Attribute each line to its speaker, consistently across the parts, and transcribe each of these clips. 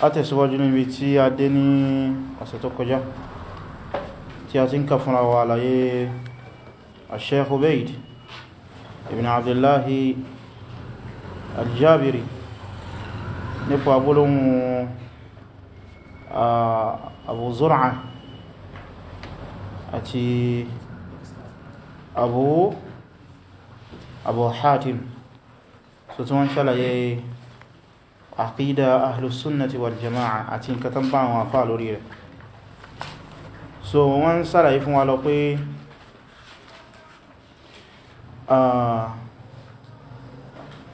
Speaker 1: látẹ̀síwájú níbi tí a dé ní ọ̀sẹ̀ tó kọjá tí a ti ń kàfúnra wa àlàyé Sheikh Ubayd ibn Abdullahi al-Jabiri nípa agbólóhun Abu Zur'a àti Abu Abu Hatim so tí wọ́n ṣàlàyé àkídà ahlùsúnnàtí wal jama'a àti nǹkan tán bá àwọn àfáà lórí rẹ̀ so wọ́n ń sàlàyé fún wa lọ pé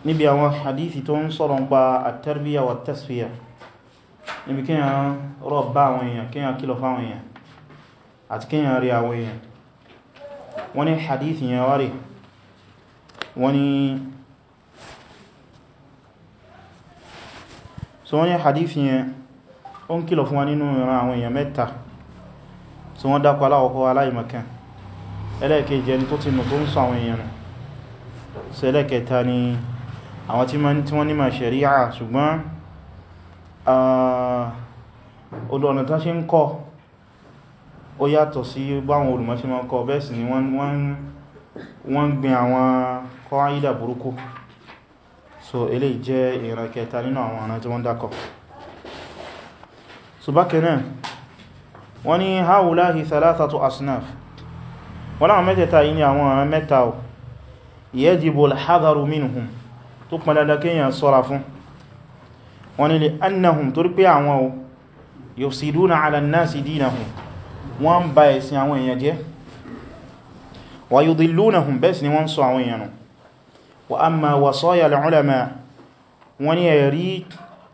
Speaker 1: níbi àwọn hadithi tó ń sọ̀rọ̀ pa at-tarbiya wa at-tasfiya níbi kíyàn rọ̀ bá àwọn èèyàn kíyàn kílọ̀ fáwọn èèyàn àti kíyàn so wọ́n ní hadith yẹn ó ń kìlọ̀ fún wa nínú ìran àwọn èèyàn mẹ́ta so wọ́n dákọ̀ aláwọ̀kọ́ aláìmọ̀kan ẹlẹ́ẹ̀kejì ẹni tó ti nù tó ń sọ àwọn èèyàn so ẹlẹ́ẹ̀kẹta ni àwọn tí wọ́n ní ma ṣẹ̀ríà ṣùgbọ́n ah, odò ọ̀nà tán ṣe ń kọ́ ó yàtọ̀ sí báwọn olùmọ̀ ṣe máa so eléyìí jẹ́ ìran kẹta nínú àwọn ọ̀nà tí wọ́n dákọ̀ so bákanáà wọ́n ní haulahi thalathatu asnaf wọ́n láwọn mẹ́tẹ̀ta yìí ni àwọn ọ̀ràn mẹ́ta ò yajibu al-hadaru minhum tó pọn dandan kéèyàn sọ́ra fún wọ́n ní li annahum torí pé àwọn ò ala nasi dinahum wọ́n ba ẹ̀sìn àwọn èèyàn jẹ́ wa yudillunahum bẹ́ẹ̀ sì ni wọ́n ń sọ wa amma wasaya al-ulama wọ́n ní ẹ̀rí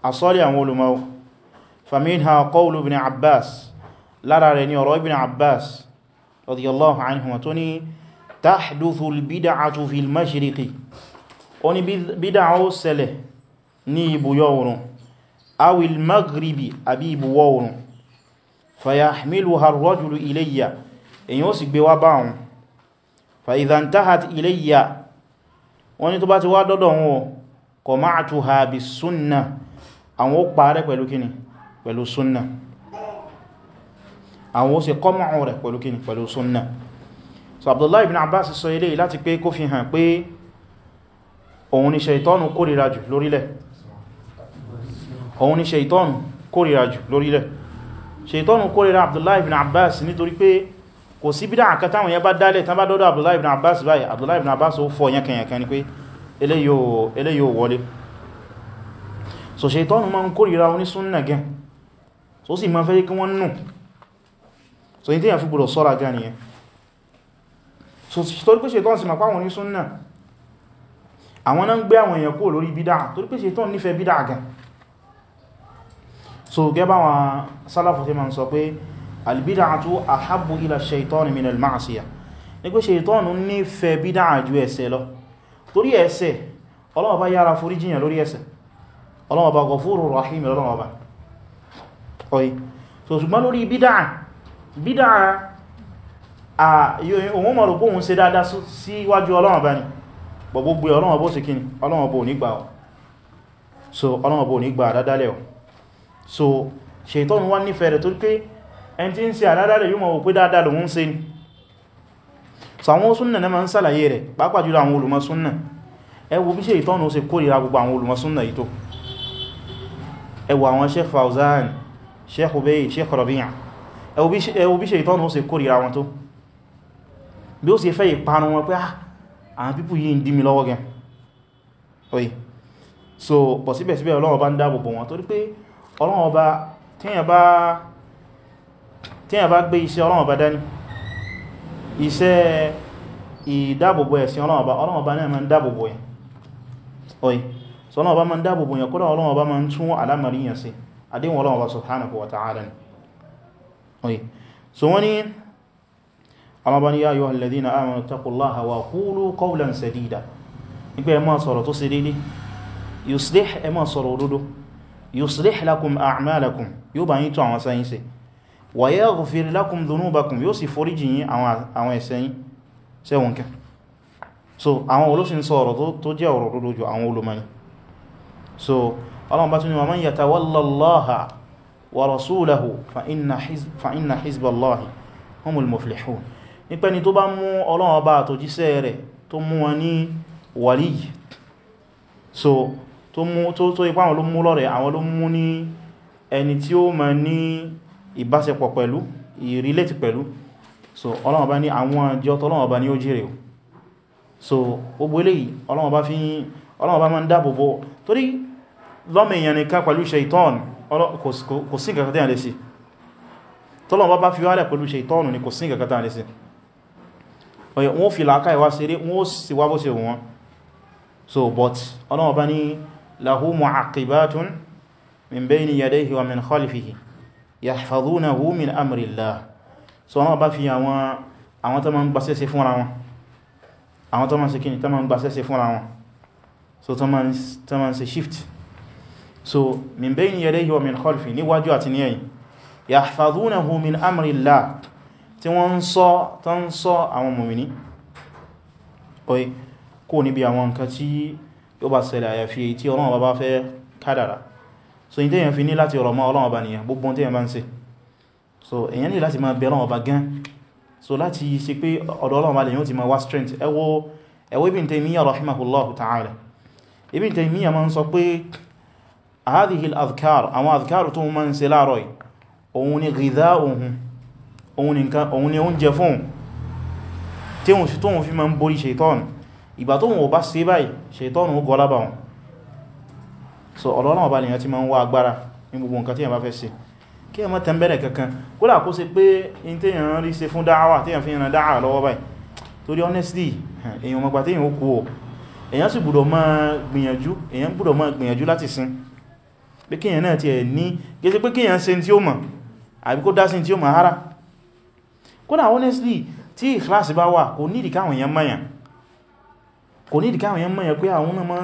Speaker 1: àsọ́lẹ̀ àwọn olùmọ̀ faminha qawlu ibn abbas lára rẹ̀ ní ọ̀rọ̀ ibn abbas radiyallahu anhuma tó ní tahduthu al-bid'atu fil mashriqi ó ní bídá ó ṣẹlẹ̀ ní ibùyọ oòrùn awil maghribi àbí ibùwọ̀ oòrùn fayahmiluha ar-rajulu ilayya èyí ó sì gbé wá báhùn fa idha intahat wọ́n ní tó bá ti wá dọ́dọ̀ wọn o kọ̀ máa tó ha bí súnnà àwọn ó parẹ́ pẹ̀lú kíni pẹ̀lú súnnà àwọn ó ṣe kọ́mọ̀ rẹ̀ pẹ̀lú kíni pẹ̀lú súnnà so Abdullahi ibn Abbas sọ eléyìí láti pé kó fi hàn pé òun ni ṣeìtọ́nù kórìíra jù lórílẹ̀ òun ni ṣeìtọ́nù kórìíra jù lórílẹ̀ ṣeìtọ́nù kórìíra Abdullahi ibn Abbas nítorí pé kò sí bídá àkátá àwọn yẹn bá dálẹ̀ tán bá dọ́dọ̀ Abdullahi ibn Abbas báyìí Abdullahi ibn Abbas ó fọ́ yẹn kẹyẹn kan ní pé eléyìí ò wọlé so ṣaitọ́nù ma ń kórìíra onísúnnà gan so sì ma fẹ́ kí wọ́n nù so ní tí yà fi gbọdọ̀ sọ́ra gan nìyẹn so torí pé ṣaitọ́nù sì ma pàwọn onísúnnà àwọn náà ń gbé àwọn èèyàn kó lórí bídá torí pé ṣaitọ́nù nífẹ̀ẹ́ bídá gan so gẹ́bà wọn sí ma ń sọ pé albid'atu ahabbu ila shaitan min al-ma'siyah ní pé shaitan ní fẹ́ bídá ju ẹ̀ṣẹ̀ lọ torí ẹ̀ṣẹ̀ Ọlọ́run bá yára foríjìyàn lórí ẹ̀ṣẹ̀ Ọlọ́run bá Ghafurur Rahim Ọlọ́run bá ọ̀yí so ṣùgbọ́n lórí bídá bídá a òun mọ̀ rògbóhun ṣe dáadáa síwájú Ọlọ́run bá ní gbogbo Ọlọ́run bó sì kí ni Ọlọ́run bó ní gbà ọ́ so Ọlọ́run bó ní gbà dáadáa lẹ́ọ̀ ẹn tí ń ṣe àdádálẹ̀ yíò mọ̀ pé dáadáa lòun ṣe ni sàwọn súnnà náà ma ń sàlàyé rẹ̀ pàápàá jùlọ àwọn olùmọ̀ súnnà ẹ wo bí ṣe ìtọ́nà ó ṣe kórìíra gbogbo àwọn olùmọ̀ súnnà yìí àwọn Sheikh Fawzan Sheikh Ubay Sheikh Rabi'a ẹ wo bí ṣe ìtọ́nà ó ṣe kórìíra wọn tó bí ó ṣe fẹ́ ìparun wọn pé ah, àwọn pípù yìí ń so pọ̀ síbẹ̀síbẹ̀ Ọlọ́run bá ń dáàbò bò wọn torí pé Ọlọ́run tíyàn bá gbé iṣẹ́ Ọlọ́run bá dání iṣẹ́ ìdábòbò ẹ̀sìn Ọlọ́run bá Ọlọ́run bá náà ma ń dábòbò ẹ̀ oye so Ọlọ́run bá ma ń dábòbò yẹn kódà Ọlọ́run bá ma ń tún alámàríyàn sí àdéhùn Ọlọ́run bá subhanahu wa ta'ala ni oye so wọ́n ni àwọn bá ní ya ayyuhal ladhina amanu wa qulu qawlan sadida nígbẹ́ ẹmọ́ sọ̀rọ̀ tó sì dédé yuslih ẹmọ́ sọ̀rọ̀ òdodo yuslih lakum a'malakum yóò bá yí tó àwọn sáyẹ́nsì wa yaghfir lakum dhunubakum yóò sì foríjì yín àwọn ẹ̀ṣẹ̀ yín sẹ́wọ̀n kẹ́ so àwọn olóṣìn sọ ọ̀rọ̀ tó jẹ́ ọ̀rọ̀ lódó jù àwọn olùmọ̀ni so ọlọ́run bá tún ní wa man yatawalla Allaha wa rasulahu fa inna hizballahi humul muflihun nípa ni tó bá mú ọlọ́run ọba tó jíṣẹ́ rẹ̀ tó ẹni tí ó ma ní ìbáṣepọ̀ pẹ̀lú ìrìlẹ́tì pẹ̀lú so ọlọ́wọ́ bá ní àwọn àjọ tọ́lọ́wọ́ bá ní ó jèrè so gbogbo eléyìí ọlọ́wọ́ bá fi ọlọ́wọ́ bá máa ń dáàbòbò torí lọ́mọ èèyàn nìkan pẹ̀lú ṣeitọ́n kò sí nǹkan kan lè sí tọ́lọ́wọ́ bá fi wálẹ̀ pẹ̀lú ṣeitọ́n ni kò sí nǹkan kan lè so but ọlọ́wọ́ bá ní lahu mu'aqibatun min bayni yadayhi wa yahfazunahu min amrillah so wọ́n bá fi àwọn àwọn tó ma ń gbasẹ́sẹ́ fúnra wọn àwọn tó ma ń ṣe kíni tó ma ń gbasẹ́sẹ́ fúnra wọn so tó ma ń ṣe shift so min bayni yadayhi wa min khalfi níwájú àti ní ẹ̀yìn yahfazunahu min amrillah tí wọ́n sọ tó ń sọ àwọn mùmìnì kó níbi àwọn nǹkan tí yóò bá ṣẹlẹ̀ àyàfi tí Ọlọ́run bá fẹ́ kádàrà so in tẹ́yàn fi ní láti ọ̀rọ̀ mọ́ Ọlọ́run Ọba nìyàn gbogbo tẹ́yàn bá ń ṣe so èyàn ní láti máa bẹ Ọlọ́run Ọba gan so láti ṣe pé ọ̀dọ̀ Ọlọ́run Ọba lè yóò ti máa wá strength ẹwọ́ ẹwọ́ Ibn Taymiyyah rahimahullahu ta'ala Ibn Taymiyyah máa ń sọ pé hadhihi al-adhkar àwọn adhkar tó máa ń ṣe láàrọ̀ yìí òun ni ghidha'uhum òun ni ni oúnjẹ fún tí òun fi máa ń borí ṣètọ́nù ìgbà tó wọn bá ṣe báyìí ṣètọ́nù ó gọlábà wọn so ọ̀dọ̀ Ọlọ́run Ọba lèyàn ti máa ń wá agbára ní gbogbo nǹkan tí èyàn bá fẹ́ ṣe kí èyàn má tẹ́m̀bẹ̀rẹ̀ kankan kódà kó ṣe pé in tí èyàn rí ṣe fún dáhàwà tí èyàn fi ran dáhàwà lọ́wọ́ báyìí torí honestly èyàn mọ̀gbà tí èyàn ó kú o èyàn sì gbọ́dọ̀ máa gbìyànjú èyàn gbọ́dọ̀ máa gbìyànjú láti sin pé kí èyàn náà ti ẹ̀ ní gẹ́sẹ́ pé kí èyàn ṣe tí ó mọ̀ àbí dá sí tí ó mọ̀ ara kódà honestly tí ìkíláàsì bá wà kò nídìí káwọn èyàn mọ̀yàn kò nídìí káwọn èyàn mọ̀yàn pé àwọn náà mọ́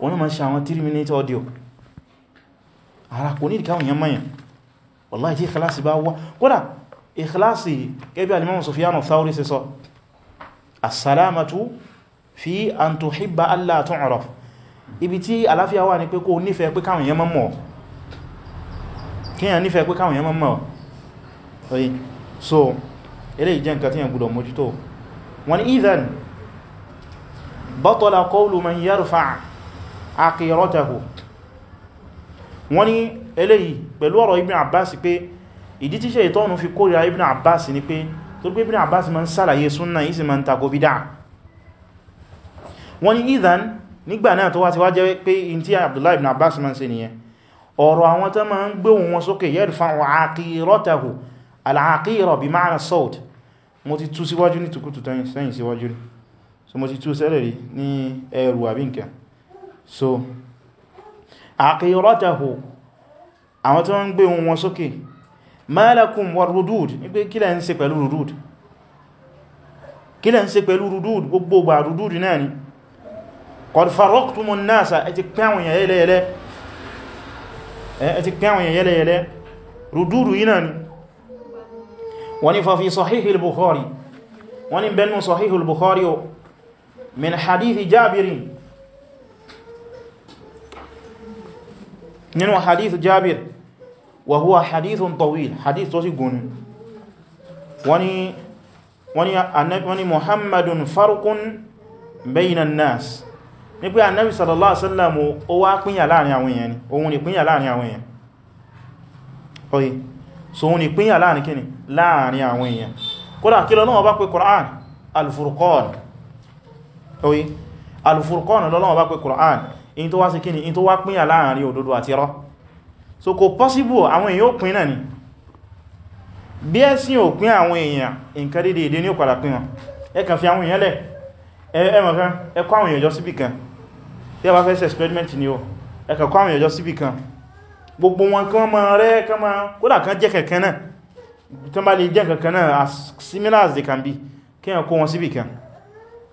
Speaker 1: wọ́n náà ma ṣe àwọn 3 minute audio ara kò ní ìkáwọn èèyàn mayan wallahi tí ìkìláàsì bá wá kódà ìkìláàsì gẹ́bí alimọ́mù Sufyan Thawri sí sọ assalamatu fi an tuhibba Allah tu'raf ibi tí àláfíà wà ní pé kó nífẹ̀ẹ́ pé káwọn èèyàn mọ̀ so eléyìí jẹ́ nǹkan tí yàn gbọ́dọ̀ mójútó wọn idhan batala qawlu man yarfa' akiratahu wọ́n ní eléyìí pẹ̀lú ọ̀rọ̀ Ibn Abbas pé ìdí tí Ṣaitọ́nù fi kórìíra Ibn Abbas ni pé tó gbé Ibn Abbas ma ń sàlàyé súnnà yìí sì ma ń tako bídá wọ́n ní ìdán nígbà náà tó wá ti wá jẹ́ pé in tí Abdullah Ibn Abbas ma ń ṣe nìyẹn ọ̀rọ̀ àwọn tó ma ń gbé wọn sókè yarfa'u so àkíyọ́rọ́tàhù àwọn tí wọ́n ń gbé wọn sókè malakum war rudud ní pé kílẹ̀ ń ṣe pẹ̀lú rudud kílẹ̀ ń ṣe pẹ̀lú rudud gbogbo gbà rudud náà ni qad faraqtumun nasa ẹ ti pín àwọn èèyàn yẹ́lẹ̀yẹ́lẹ́ rudud yìí náà ni wọ́n ni fa fi nínú hadith jabir wa huwa hadithun tawil hadith tó sì gùn wani wani annabi wani muhammadun farqun bainan nas ní pé annabi sallallahu alaihi wasallam ó wá pínyà láàrin àwọn èèyàn ni ohun ni pínyà láàrin àwọn èèyàn oye so ohun ni pínyà láàrin kíni láàrin àwọn èèyàn kódà kí lọ́nà ọba pé Qur'an al-Furqan oye al-Furqan lọ́nà ọba pé Qur'an in tó wá ṣe kíni in tó wá pínyà láàrin òdodo àti irọ́ so kò possible àwọn èèyàn ó pín náà ni bí ẹ̀sìn ò pín àwọn èèyàn nǹkan dédé èdè ní òpàdà pín wọn ẹ kàn fi àwọn èèyàn lẹ̀ ẹmọ̀kan ẹ kó àwọn èèyàn jọ síbì kan tí a bá fẹ́ ṣe experiment ni o ẹ kàn kó àwọn èèyàn jọ síbì kan gbogbo wọn kí wọ́n máa rẹ́ kán máa kódà kan jẹ́ kankan náà tó bá lè jẹ́ kankan náà as similar as they can be kí wọ́n kó wọn síbì kan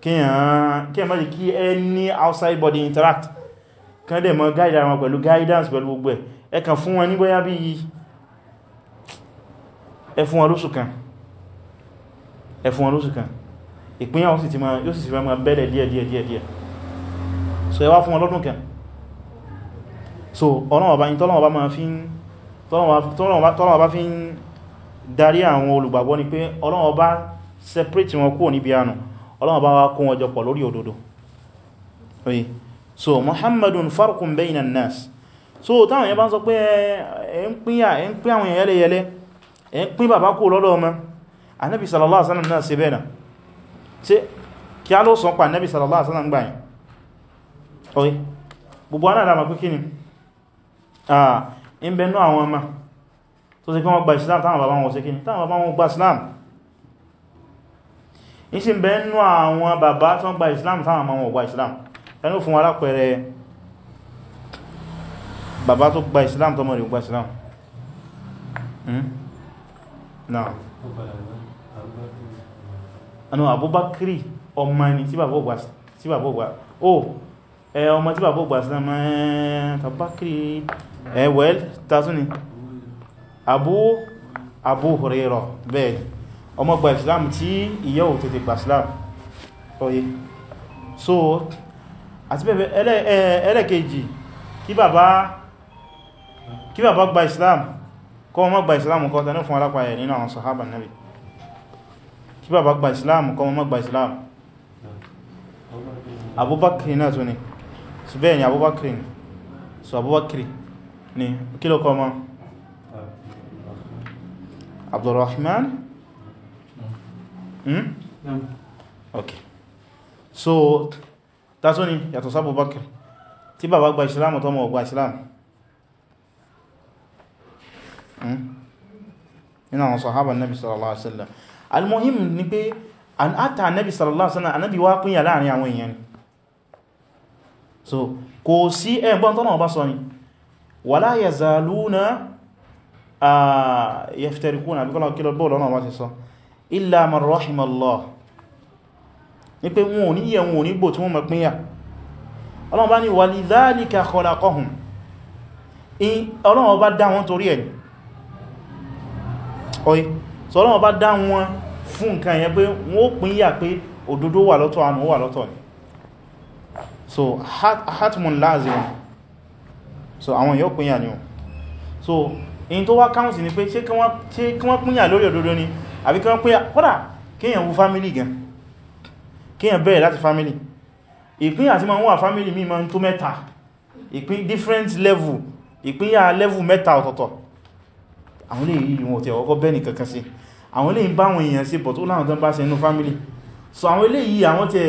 Speaker 1: kí wọ́n má jẹ́ kí any outside body interact kan dẹ̀ mọ́ guide àwọn pẹ̀lú guidance pẹ̀lú gbogbo ẹ̀ ẹ kàn fún wọn ní bóyá bí i ẹ fún wọn lóṣù kan ẹ fún wọn lóṣù ìpínyà ó sì ti máa yóò díẹ̀ díẹ̀ díẹ̀ díẹ̀ so ẹ wá fún wọn lọ́dún kan so ọlọ́wọ̀ bá yí tọ́lọ́wọ̀ bá fi ń darí àwọn olùgbàgbọ́ ni pé Ọlọ́run separate wọn kúrò níbi àánú Ọlọ́run bá wá kó wọn jọpọ̀ lórí òdodo oye so muhammadun farqun bainan nas so táwọn yẹn bá ń sọ pé ẹ ń pín yà ẹ ń pín àwọn yẹlẹyẹlẹ ẹ ń pín bàbá kó lọ́dọ̀ ọmọ anábi sallallahu alaihi wasallam náà ṣe bẹ́ẹ̀ náà ṣe kí a ló sọ pa anábi sallallahu alaihi wasallam gbà yẹn ọ̀rẹ́ gbogbo aná àdàmà pé kíni ń bẹnú àwọn ọmọ tó ṣe pé wọ́n gba islam táwọn bàbá wọn ṣe kíni táwọn bàbá ń sì àwọn bàbá tó gba islam táwọn ọmọ wọn islam ẹnu fún alápẹẹrẹ bàbá tó gba Islam tọ́mọ rẹ̀ gba Islam hmm? náà ẹnu Abubakri ọmọ ni tí bàbá ògbà tí bàbá ògbà o ẹ ọmọ tí bàbá ògbà Islam ẹ Abubakri ẹ wẹ́l tásún ni Abu Abu Hurairah bẹ́ẹ̀ ọmọ gba Islam tí ìyẹ́ ò tètè gba Islam ọ̀yẹ́ so àti bẹ́ẹ̀ ẹlẹ́kejì kí bàbá gba islam kọ́ mọ́ gba islam kọ́ tẹ́nú fún alápa ẹ̀ nínú àwọn sahaba nabi kí bàbá gba islam kọ́ mọ́ gba islam abubakir náà tó ni so bẹ́ẹ̀ ni abubakir ni so abubakir ni kí ló kọ́ mọ́ abdurrahman hmm? ok so tàtún ni yàtọ̀ sábò bakir tí bàbá gba ìsìlámù tó mọ̀ gba ìsìlámù hmm? nínú àwọn sọ̀hábà nabi sallallahu alaihi wasallam almuhim ni pé an ata nabi sallallahu alaihi wasallam anabi wá pínyà láàrin àwọn èèyàn so kò sí ẹgbọ́n tọ́nà ọba sọ ni wala yazaluna ah, yaftarikuna àbíkọ́lá kílọ̀ bọ́ọ̀lọ́nà ọba ní pé wọn ò ní yẹ wọn ò ní gbò tí wọ́n mọ̀ pínyà ọlọ́run bá ní walidhalika khalaqahum ọlọ́run bá dá wọn torí ẹ̀ ọ̀yí so ọlọ́run bá dá wọn fún nǹkan yẹn pé wọ́n pínyà pé òdodo wà lọ́tọ̀ àánú wà lọ́tọ̀ ni so hatmun lazim so àwọn so in tó wá ni pé ṣé kí wọ́n pínyà lórí òdodo ni àbí kí wọ́n pínyà wú fámílì gan kíyàn bẹ̀rẹ̀ láti family ìpín àti ma ń wà family mi ma ń tó mẹ́ta ìpín different level ìpínyà level mẹ́ta ọ̀tọ̀tọ̀ àwọn lè yí wọn tí ọkọ̀ bẹ́ẹ̀ ni kankan sí àwọn lè ń bá wọn èèyàn sí but ó láwọn tán bá ṣe inú family so àwọn lè yí àwọn tí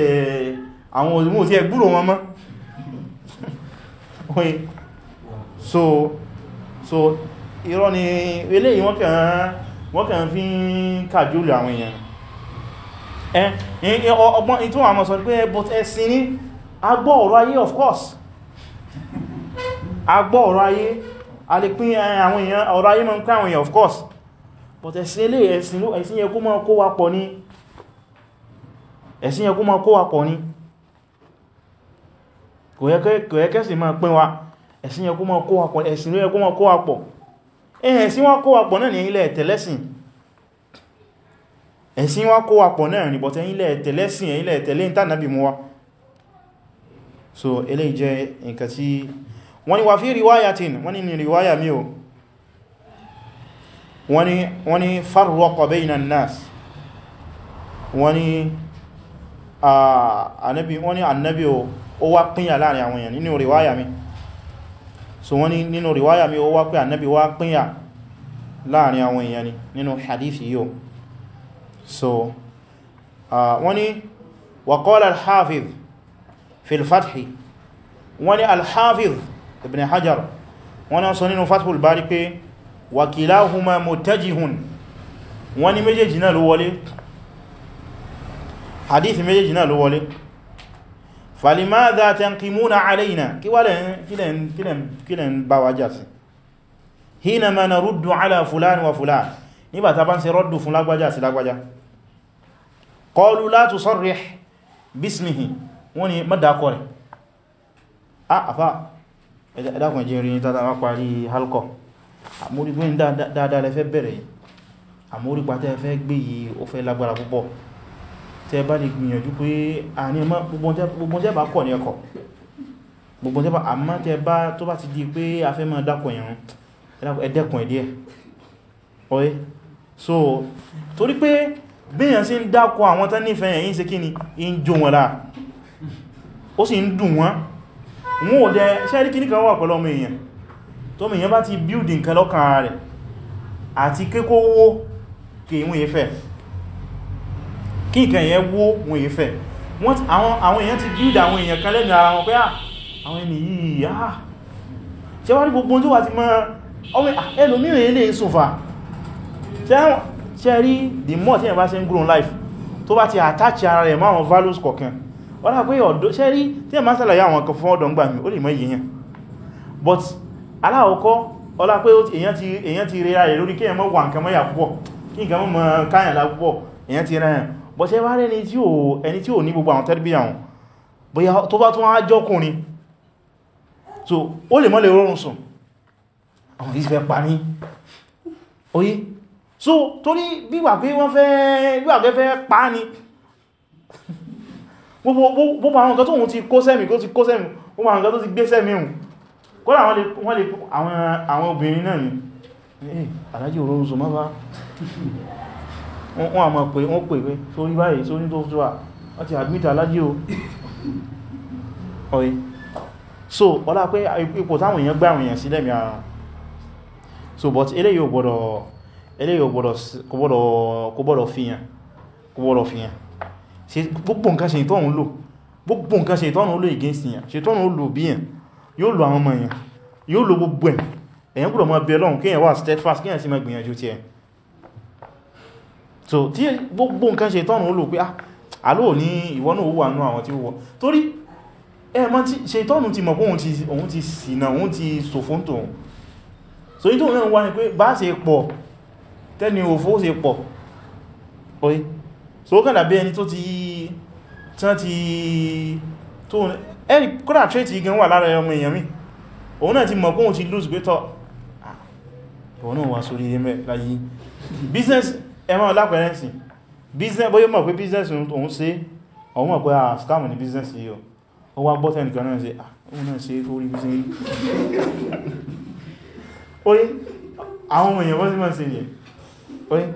Speaker 1: àwọn òdìmọ̀ tí ẹ gbúrò wọn mọ́ so so irọ́ ni eléyìí wọ́n kàn fi ń kàjúlù àwọn èèyàn Eh, eh, eh, ọgbọ́n tí wọ́n mọ̀ sọ pé but ẹ̀sìn ní agbọ́ ọ̀rọ̀ ayé of course agbọ́ ọ̀rọ̀ ayé a lè pín àwọn èèyàn ọ̀rọ̀ ayé mọ́ ń pín àwọn èèyàn of course but ẹ̀sìn ilé ẹ̀sìn yẹ kó mọ́ kó wà pọ̀ ní ẹ̀sìn yẹ kó mọ́ kó wà pọ̀ ní kò yẹ kẹ́sì máa pín wa ẹ̀sìn yẹ kó mọ́ kó wà pọ̀ ẹ̀sìn yẹ kó mọ́ kó kó wà pọ̀ náà ní ilẹ̀ tẹ̀lẹ́sìn ẹ̀sìn wá kó wapọ̀ náà ní bọ̀tẹ́ ilẹ̀ tẹ̀lẹ́sìn ilẹ̀ tẹ̀lé ń tànàbí mú wá so eléyìí jẹ́ nǹkan tí wọ́n ní wà fí riwayatin wọ́n ní riwaya mi o wọ́n ní farraqa bayna an-nas wọ́n ní annabi ó wá pínyà láàrin àwọn èèyàn nínú riwaya mi so wọ́n ní nínú riwaya mi ó wá pé annabi wá pínyà láàrin àwọn so uh, wọ́n ni waqala al-hafiz fi al-fathi wọ́n ni al-hafiz ibn hajar wọ́n ni sọ nínú fathul bari pé wa kilahuma mutajihun wọ́n ni méjèèjì náà ló wọlé hadithi méjèèjì náà ló wọlé kí wà lẹ́n bá wájá sí hina ma naruddu ala wa fulan nígbàtà bá ń ṣe rọ́dù fún lágbájá sí lágbájá qalu la tusarrih bismihi wọ́n ni mọ́dàkọ́ rẹ̀ ah, àfá ẹ̀dàkùn jẹ́ ìrìn tàbí wá parí halkọ̀ àmúrígbín dáadáa lẹ́fẹ́ bẹ̀rẹ̀ àmúrígbà tẹ́ fẹ́ gbé yìí ó fẹ́ lágbára púpọ̀ tẹ́ bá lè gbìyànjú pé àní gbogbo jẹ́ bá kọ̀ ní ẹkọ̀ gbogbo jẹ́ bá àmá tẹ́ bá tó bá ti di pé afẹ́ mọ́ dákọ̀ ẹ̀rùn so torí pé bíyàn sí ń dákọ àwọn tán nífẹ̀ẹ́ yẹn yí ṣe kí ni in jò wọn láà ó sì ń dùn wọn wọn ò dẹ ṣẹ́rí kí níkan wà pẹ̀lú ọmọ èèyàn tó mìíyàn bá ti bíúdì nǹkan lọ́kàn rẹ̀ àti kíkó wó kí wọ́n yẹ fẹ́ kí nǹkan yẹn wó wọ́n yẹ fẹ́ àwọn èèyàn ti bíúdì àwọn èèyàn kan lẹ́nu ara wọn pé ah, àwọn ṣe rí the more tí ẹ̀ bá ṣe ń grow life tó bá ti attach ara rẹ̀ máwọn values kọ̀kan wọ́n lápé ọ̀dọ́ ṣe rí tí ẹ̀ máa sàlàyé àwọn kan fún ọ̀dọ̀ ń gbà mí ó lè mọ́ èyàn but aláwọ̀kọ́ ọlá pé èyàn ti rẹ̀ rẹ̀ lórí kí ẹ̀ mọ́ wà nǹkan mọ́yà púpọ̀ kí nǹkan mọ́ mọ́ káyàn lá púpọ̀ èyàn ti rẹ̀ but ẹ wá rẹ̀ ẹni tí ò ní gbogbo àwọn tẹ́rìbí àwọn bóyá tó bá tún á jọ́kùnrin so ó lè mọ́ lè rọrùn sùn àwọn ìsìfẹ́ parí oyé so torí bíwà pé wọ́n fẹ́ bíwà pé fẹ́ pa ní gbogbo àwọn nǹkan tó wọ́n ti kó sẹ́mì kó ti kó sẹ́mì gbogbo àwọn nǹkan tó ti gbé sẹ́mì hùn kọ́lá wọ́n lè àwọn obìnrin náà ni alájí òróòsò má bá wọ́n àmọ́ pé wọ́n pè pé so eléyìí kò gbọ́dọ̀ fihàn gbogbo nǹkan ṣe ìtọ́nù lò gbogbo nǹkan ṣe ìtọ́nù lò against yàn ṣe lò bí yàn yóò lò àwọn ọmọ yàn yóò lò gbogbo ẹ̀ èyàn gbọ́dọ̀ mọ́ bẹ lọ́hun kíyàn wà steadfast kíyàn sí mọ́ gbìyànjú ti ẹ̀ so tí gbogbo nǹkan ṣe ìtọ́nù lò pé ah, àlò ní ìwọ náà wà nú àwọn tí ó wọ torí ẹ̀mọ́ ṣe ìtọ́nù ti mọ̀ pé òun ti ṣìnà òun ti sòfóntò so ìtọ́nù náà wá ní pé bá ṣe pọ̀ tẹ́ni òfó ṣe pọ̀ oye so ó kàdàbí ẹni tó ti tán ti tó ẹni kódà tréètì igan wà lára ọmọ èèyàn mi òun náà ti mọ̀ kóhun ti lose gbétọ̀ ìwọ̀n náà wà sórí ẹmẹ́ láyé business ẹmọ́ lápẹrẹnsì business bóyá mọ̀ pé business òun ṣe òun mọ̀ pé a scam ní business yìí ó wá gbọ́tẹ̀ nìkan náà ṣe òun náà ṣe tó rí business yìí oye àwọn èèyàn bọ́ sí mọ̀ sí yìí oye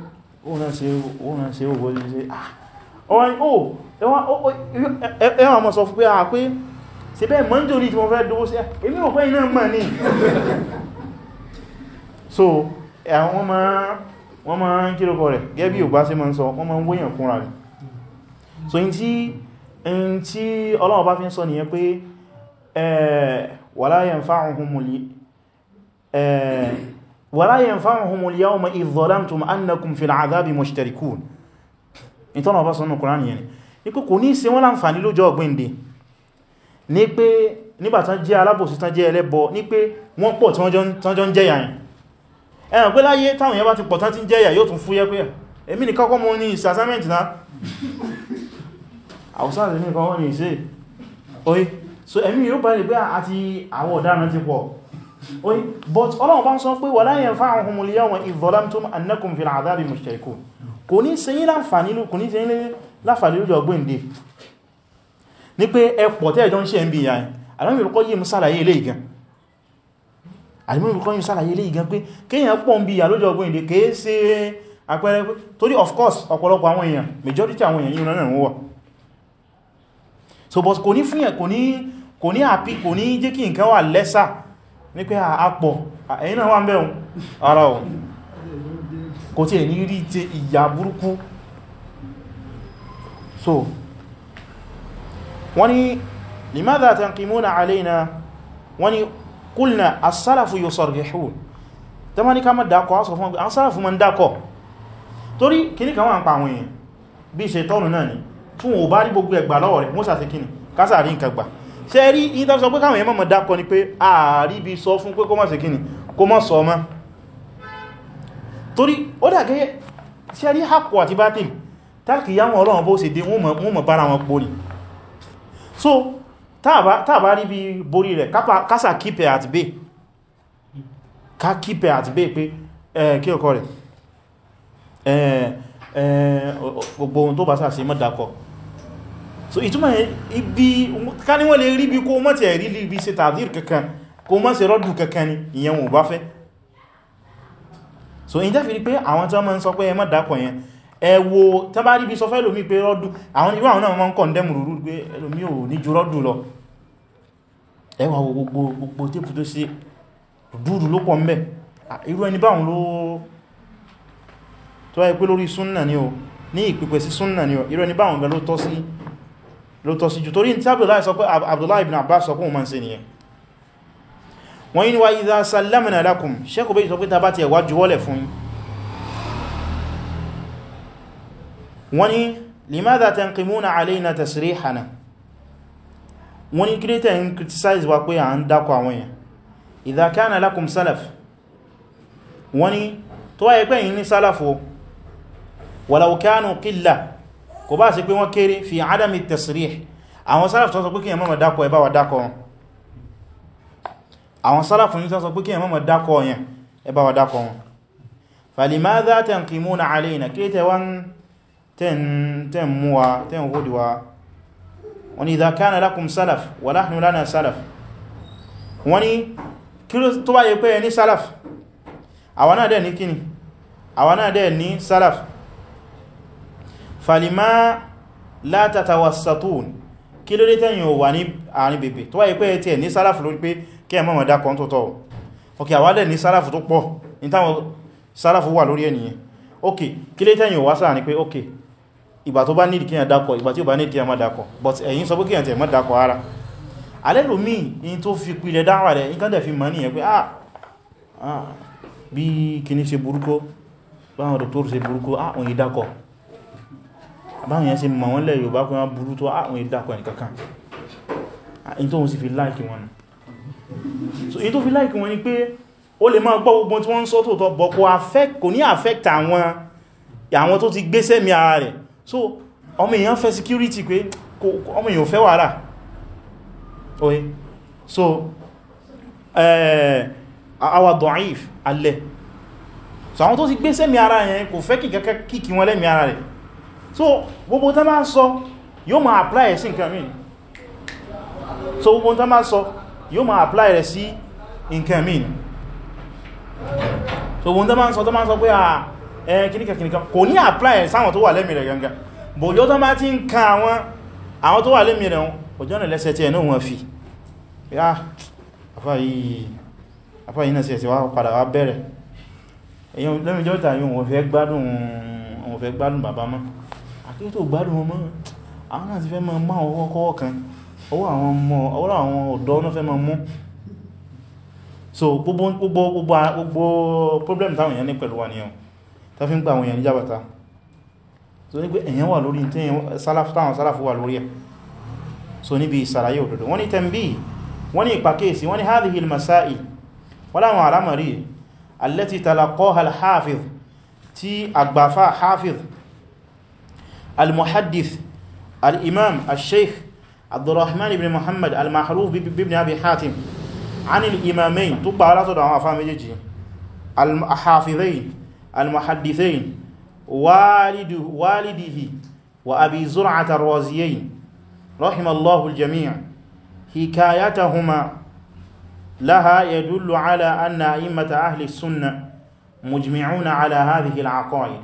Speaker 1: òun náà ṣe òun náà ṣe ògbò ní ṣe ọwọ́n ó ẹwà mọ̀ sọ fún pé a pé ṣe bẹ́ẹ̀ mọ́ ń jò ní tí wọ́n fẹ́ dúró sí ah, èmi ò pé iná mọ̀ ní so eh, wọ́n máa ń kírókọ rẹ̀ gẹ́gẹ́ bí ògbá sí máa ń sọ wọ́n máa ń wóyàn kúnra rẹ̀ so in tí in tí Ọlọ́run bá fi ń sọ nìyẹn pé eh, wala yanfa'uhumul eh, wala yanfa'uhumul yawma idh zalamtum annakum fil 'adhabi mushtarikun ìtọ́nà ọba sọ́nà Kùránì yẹn ni pé kò ní ṣe wọ́n láǹfàní lọ́jọ́ ọgbìnde ní pé nígbàtán jẹ́ alábòsí tán jẹ́ ẹlẹ́bọ ní pé wọ́n pọ̀ tí wọ́n jọ ń jẹ́yà yìí ẹ̀rùn pé láyé táwọn yẹn bá ti pọ̀ tán ti ń jẹ́yà yóò so èmi yóò bá lè pé àti àwọn ọ̀daràn ti oye but ọlọ́run bá ń sọ pé wala yanfa'uhumul yawma idh zalamtum annakum fil 'adhabi mushtarikun kò ní ṣe yín láǹfààní lójú ọgbẹ́ǹde ní pé ẹpọ̀ tẹ́ẹ̀jọ́ ń ṣe ń bí ìyá ẹ̀ alámìrìkọ́ yìí mú sàlàyé ilé ìgan alìmọ́lùkọ́ yìí sàlàyé ilé ìgan pé kíyàn pọ̀ ń ṣe àpẹẹrẹ pé of course ọ̀pọ̀lọpọ̀ àwọn èèyàn majority àwọn èèyàn yìí náà wọ́ so but kò ní fúnyàn kò ní àpí kò ní jẹ́ kí nǹkan wà lẹ́sà ní pé àpọ̀ ah, ẹ̀yìn náà wà ń bẹ̀rún ara ọ̀ kò tí ẹ̀ ní rí tí ìyà burúkú so wọ́n ni limadha tanqimuna alayna wọ́n ni qulna as-salafu yusarrihun tó má ní ká má dákọ̀ á sọ ń dákọ̀ ṣe rí ìdá sọ pé káwọn èèyàn mọ̀ dákọ ni pé ààrí bí sọ fún pé kó má ṣe kíni kó má sọ mọ́ torí ó dà gẹ́gẹ́ ṣe rí hapkọ̀ àti bátìl táàkì yáwọn ọlọ́run bó ṣe dé wọ́n mọ̀ bára wọn pòrì so tàbá rí bí borí rẹ̀ kásà kípẹ̀ àti bẹ́ ká kípẹ̀ àti bẹ́ pé kí ọkọ rẹ̀ gbogbo ohun tó bá sà sí mọ́ dákọ̀ so ìtumọ̀ ibi ká ní wọ́n lè rí bí kó mọ́ ti ẹ̀rí lè bí ṣe tàdír kankan kó mọ́ sí rọ́dù kankan ni ìyẹn wọ́n bá fẹ́ so in jẹ́fì rí pé àwọn tán máa ń sọ pé ẹmọ́ dákọ̀ yẹn ẹwọ tán bá rí bí sọ fẹ́ lómi pé rọ́dù àwọn irú àwọn náà máa ń kọ̀ndẹ́mù rúrú pé ẹlòmí ò ní ju rọ́dù lọ ẹwà gbogbo gbogbo tépù tó ṣe dúdú ló pọ̀ mẹ́ irú ẹni báwọn ló tó wáyé pé lórí súnnà ni ó ní ìpìpẹ̀ sí súnnà ni ó irú ẹni báwọn gan ló tọ́ sí ló tọ́ sí jù torí tí Abdullahi ibn Abbas sọ pé wọ́n ma ń ṣe nìyẹn wọ́n yí wá idha sallamna lakum ṣẹ́kù bẹ́ ìsọ pé ta bá ti ẹ̀wà juwọ́lẹ̀ fún yín wọ́n ni limadha tanqimuna alayna tasrihana wọ́n ni kírétẹ̀ ń criticize wọ́n ni tó kò bá sí pé wọ́n kéré fi adami tasrih àwọn sálàfù tó sọ pé kí èyàn mọ́mọ̀ dákọ̀ ẹ bá wa dákọ̀ wọn àwọn sálàfù ní sọ pé kí èyàn mọ́mọ̀ dákọ̀ yẹn ẹ bá wa dákọ̀ wọn falimadha tanqimuna alayna kí tẹ wọ́n tẹ́n mú wa tẹ́n hódi wa wọ́n ni lakum salaf wa nahnu lana salaf wọ́n ni tó bá yẹ pé ní salaf àwọn náà dẹ̀ ní kíni àwọn náà dẹ̀ ní salaf falima la tatawassatun kí ló dé tẹ́yìn ò wà ní àárín bèbè tó wáyé pé ẹ̀tẹ́ ní sálàfù lórí pé kí ẹmọ́ mọ̀dá kan tó tọ́ ok àwálẹ̀ ní sálàfù tó pọ̀ ní táwọn sálàfù wà lórí ẹniyẹn ok kí ló tẹ́yìn ò wá sáà ní pé ok ìgbà tó bá nídìí kíyàn dákọ̀ ìgbà tí ó bá nídìí kíyàn má but ẹ̀yin sọ pé kíyàn tẹ̀ má dákọ̀ ara alẹ́lòmí in tó fi pilẹ̀ dáwà rẹ̀ in kan dẹ̀ fi mọ̀ ní ah, ah bí kìní ṣe báwọn yẹn ṣe mọ̀ wọ́n lẹ̀ Yorùbá pé wọ́n burú tó àwọn ah, ìdákọ̀ ẹnìkankan ah, in tó wọ́n sì fi láìkì wọn so in tó fi láìkì wọn ni pé ó lè máa gbọ́ gbogbo tí wọ́n ń sọ tó tọ́ bọ̀ kò ní affect àwọn àwọn tó ti gbéṣẹ́ mi ara rẹ̀ so ọmọ èèyàn fẹ́ security pé ọmọ èèyàn fẹ́ wàhálà oye so eh, àwa da'if alẹ́ so àwọn tó ti gbéṣẹ́ mi ara yẹn kò fẹ́ kìkẹ́kẹ́ kìkì wọn lẹ́mi ara rẹ̀ so gbogbo tán máa sọ yóò máa apply ẹ̀ sí nǹkan mìí so gbogbo tán máa sọ yóò máa apply rẹ̀ sí nǹkan mìí so gbogbo tán máa sọ tán máa sọ pé à ẹ kìníkà kìníkà kò ní apply ẹ̀ sáwọn tó wà lẹ́mì rẹ̀ gangan bò yóò tán máa ti ń kan àwọn àwọn tó wà lẹ́mì rẹ̀ ọjọ́ rẹ̀ lẹ́sẹ̀ tí ẹ̀ náà wọ́n fi yá afá yìí náà sí ẹ̀sẹ̀ wá padà wá bẹ̀rẹ̀ èyàn lẹ́mìjọ́ta yóò wọ́n fẹ́ gbádùn bàbá máa kí tó gbádùn wọn mọ́ àwọn náà ti fẹ́ máa máa ọwọ́ kọ́wọ́ kan ọwọ́ àwọn ọ̀dọ́ náà fẹ́ máa mú so gbogbo gbogbo gbogbo problem táwọn èèyàn ní pẹ̀lú wa nìyàn tó fi ń gba àwọn èèyàn ní so ní pé èèyàn wà lórí tí táwọn sálàfù wà lórí ẹ̀ so níbi ìsàlàyé òdodo wọ́n ní tẹ́mbí wọ́n ní ìpàkèsí wọ́n ní hadhihi al-masail wọ́n láwọn alámọ̀rí allati talaqaha hafiz tí àgbàfà hafiz المحدث الإمام الشيخ عبد الرحمن بن محمد المحروف بابن أبي حاتم عن الإمامين طب على تدعوا فامجيجي الحافظين المحدثين والد والده وأبي زرعة الرازيين رحم الله الجميع حكايتهما لها يدل على أن أئمة أهل السنة مجمعون على هذه العقائد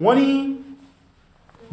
Speaker 1: وني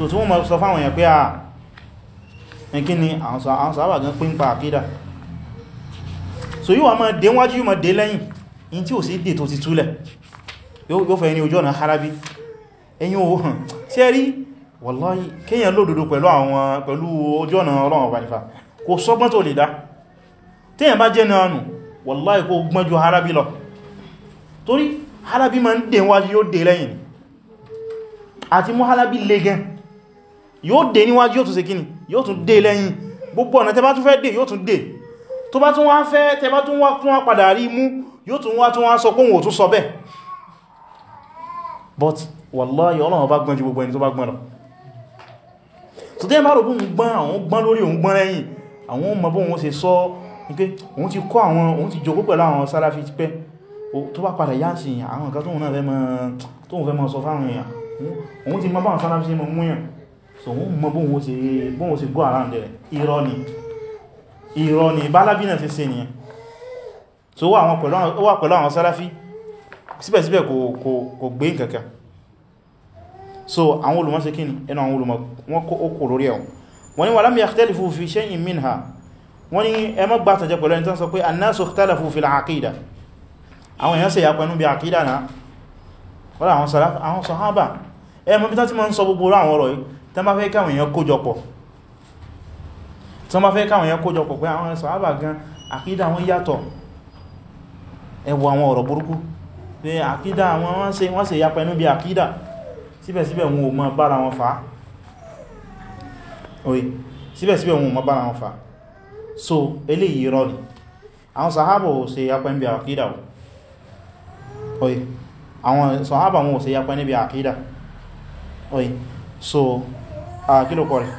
Speaker 1: so tí wọ́n ma sọ fáwọn èèyàn pé a ah, ẹkí ni àwọn sàábà gan pín pa àkídà so yíwa ma dé wájú yíò lẹ́yìn in tí ò sí tó ti túlẹ̀ yóò fẹ́ ní ojú ọ̀nà harabi ẹ̀yìn ohun tí ẹ rí pẹ̀lú àwọn pẹ̀lú ojú ọ̀nà ọlọ́run yóò dé níwájú yóò tún ṣe kíni yóò tún dé lẹ́yìn gbogbo ọ̀nà tẹbá tún fẹ́ dé yóò tún dé tó bá tún wá fẹ́ tẹbá tún wá tún wá padà rí mú yóò tún wá tún wá sọ kóhùn ò sọ bẹ́ẹ̀ but wallahi Ọlọ́run bá gbọ́n ju gbogbo ẹni tó bá gbọ́n so wọ́n mọ́ bóhun ṣe bóhun ṣe go around rẹ̀ irọ́ ni irọ́ ni bálábí náà ṣe ṣe ni so ó wà pẹ̀lú àwọn sàláfí síbẹ̀síbẹ̀ kò gbé nǹkankan so àwọn olùmọ̀ ṣe kíni ẹnu àwọn olùmọ̀ wọ́n kó okò lórí ẹ̀wọ̀n wọ́n ni walam yakhtalifu fi shay'in minha wọ́n ni ẹ má gbà tàjẹ pẹ̀lú ẹni tán sọ pé annasu ikhtalafu fil aqida àwọn èèyàn ṣe yàpẹ̀nú bí aqida náà wọ́n àwọn sàhábà ẹ mọ́ bí tán ti mọ́ ń sọ gbogbo ọ̀rọ̀ yìí tán bá fẹ́ káwọn èèyàn kójọpọ̀ pé àwọn sàhábà gan àkídà wọn yàtọ̀ ẹ àwọn ọ̀rọ̀ burúkú pé àkídà wọ́n ṣe wọ́n ṣe ya pẹ̀lú bí àkídà síbẹ̀síbẹ̀ wọn ò mọ bára wọn fà oye síbẹ̀síbẹ̀ wọn ò mọ bára wọn fà so eléyìí irọ́ ni so àkílòkọ ah, rẹ̀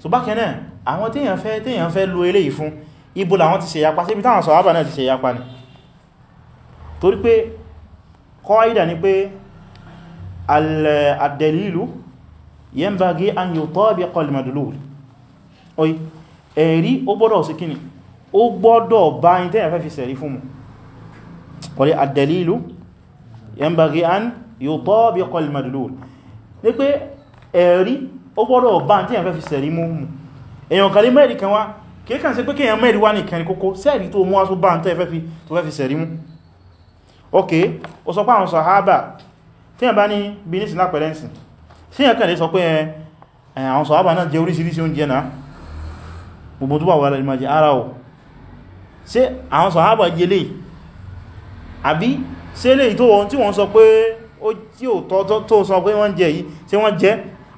Speaker 1: so bákẹ́nẹ̀ àwọn téèyàn fẹ́ téèyàn fẹ́ lo eléyìí fún ibo làwọn ti ṣe yapa síbi táwọn sọ̀hábà náà ti ṣe yapa ni torí pé kọ́ìdà ni pé al-dalilu yanbaghi an yutabiqa al-madlul oyi ẹ̀rí ó gbọ́dọ̀ sí kíni ó gbọ́dọ̀ bá yí pé ẹ̀rí ó gbọ́dọ̀ bá tí èyàn fẹ́ fi sẹ̀rí mú mú èyàn kan lè mẹ́rin kan wá kéèkàn sí pé kéèyàn mẹ́rin wá ní kẹrin kókó sẹ́rí tó mú wá tó bá ń tẹ́ tó fẹ́ fi sẹ̀rí mú ok ó sọ pé àwọn sàhábà tí èyàn bá ní bínísì lápẹ̀lẹ́sì sí èyàn kan lè sọ pé àwọn sàhábà náà jẹ oríṣiríṣi oúnjẹ náà gbogbo tó bá wà lẹ́nu májẹ ara ò ṣé àwọn sàhábà jẹ lè àbí ṣé lè tó wọn tí wọ́n sọ pé ó tí ò tọ́ tó sọ pé wọ́n jẹ yìí ṣé wọ́n jẹ́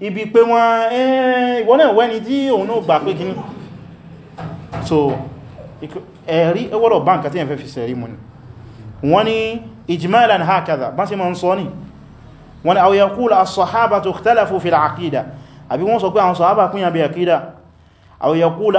Speaker 1: ibi pé wọ́n eh, ìwọ náà wẹ́ni tí òun náà gbà pé kíní so ẹ̀rí ẹwọ́rọ̀ bá nǹkan tí yẹn fẹ́ fi sẹ̀rí mú ni wọ́n ni ijmalan hakadha bá sí ma ń sọ ní wọ́n ni aw yaqulu as-sahabatu ikhtalafu fil aqida àbí wọ́n sọ pé àwọn sahaba kún yà bí aqida aw yaqulu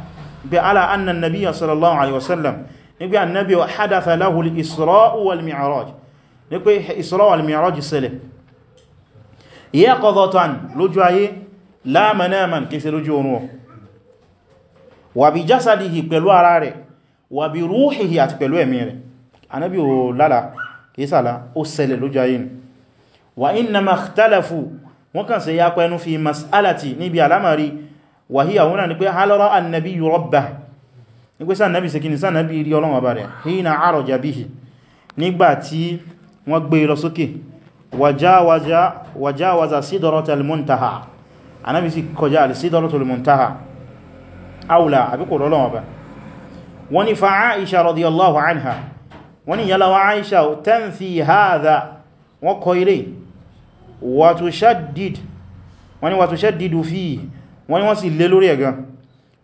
Speaker 1: bí ala anna nabiya sallallahu alaihi wasallam ní pé annabi wa hadatha lahu al-isra wal mi'raj ní pé isra wal mi'raj ṣẹlẹ̀ yaqadatan lójú ayé la manaman kì í ṣe lójú orun wa bi jasadihi pẹ̀lú ara rẹ̀ wa bi ruhihi àti pẹ̀lú ẹ̀mí rẹ̀ annabi o lala kì ó ṣẹlẹ̀ lójú ayé ni wa innama ikhtalafu wọ́n kàn ṣe yapa fi mas'alati níbi alamari wàhíyà wọn ni pé hálọ́rọ̀ annabi rọ́bà ní pé sáànàbí sí kíni sáànàbí rí ọlọ́wọ́ bá rẹ̀ hìna àrọ̀já bí i nígbàtí wọ́n gbé e lọ sókè wàjáwàza sídọ̀rọ̀tàl muntaha anábi sí kọjá al sídọ̀rọ̀tàl muntaha aula àbíkò lọ́lọ́wọ́ bá wọ́n ni fa'a aisha radiyallahu anha wọ́n ni yalawa aisha tanfi hadha wọ́n ni wọ́n sì lé lórí ẹ̀gán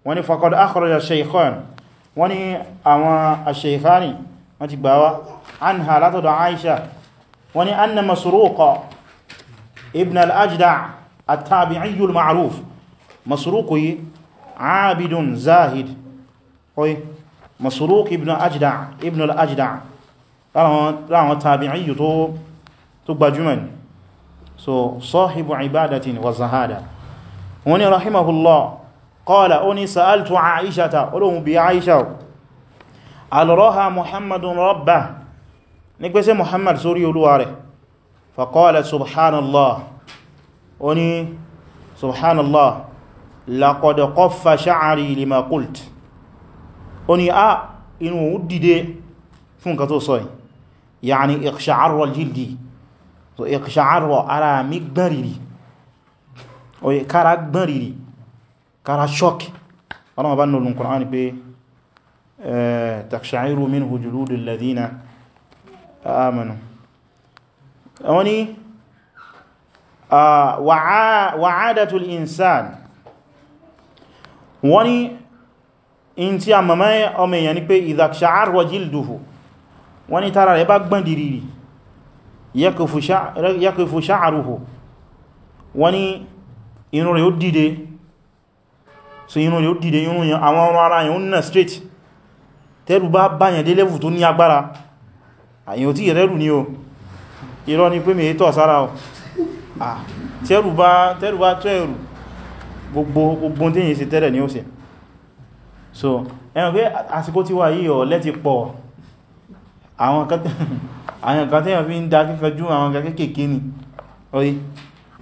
Speaker 1: wọ́n ni faqad akhraja shaykhan wọ́n ni àwọn ash-shaykhani wọ́n ti gbàwá anha látọ̀dọ̀ Aisha wọ́n ni anna Masruqa ibn al-Ajda' at-tabi'i al-ma'ruf Masruq yìí abidun zahid oye Masruq ibn al-Ajda' ibn al-Ajda' láwọn tabi'i tó gbajúmọ̀ so sahibu ibadatin wa zahada wọ́n ni rahimahullah qala ó ní sa'altu aishata olóhun bí aisha alroha muhammadun rabba ní pé ṣé muhammad sórí olúwa rẹ̀ faqala subhanallah ó ní subhanallah laqad qaffa sha'ri lima qult ó ní a ah, inú dìde fún nǹkan tó sọ yìí ya'ni jildi so iqsha'arra ara mi gbariri oye kára gbọ́n rìrì kára ṣọ́kì ọlọ́wọ́ bá nínú Kùránì pé taqsha'iru minhu juludul ladhina amanu wọ́n ni wa'adatul insan wọ́n ni in tí a mamá ọmọ èèyàn ni pé idha qsha'arra jilduhu wọ́n ni tara rẹ̀ bá gbọ́n rìrì yakifu sha'ruhu wọ́n inú rẹ̀ ó dìde so inú rẹ̀ ó dìde inú yẹn àwọn ọmọ ara yẹn ó nà straight tẹ́rù bá báyàn dé level tó ní agbára àyìn ò tí ìrẹ́rù ní o irọ́ ni pé mẹ́ẹ̀ tọ́ sára o tẹ́rù bá tẹ́rù bá tẹ́rù gbogbo gbogbo tí yìí sí tẹ́rẹ̀ ní ó sì so ẹ̀rùn pé àsìkò tí wà yíò lẹ́ti pọ̀ àwọn kan tẹ́yàn fi ń da fífẹ́jú àwọn kan kéèkéé ni oye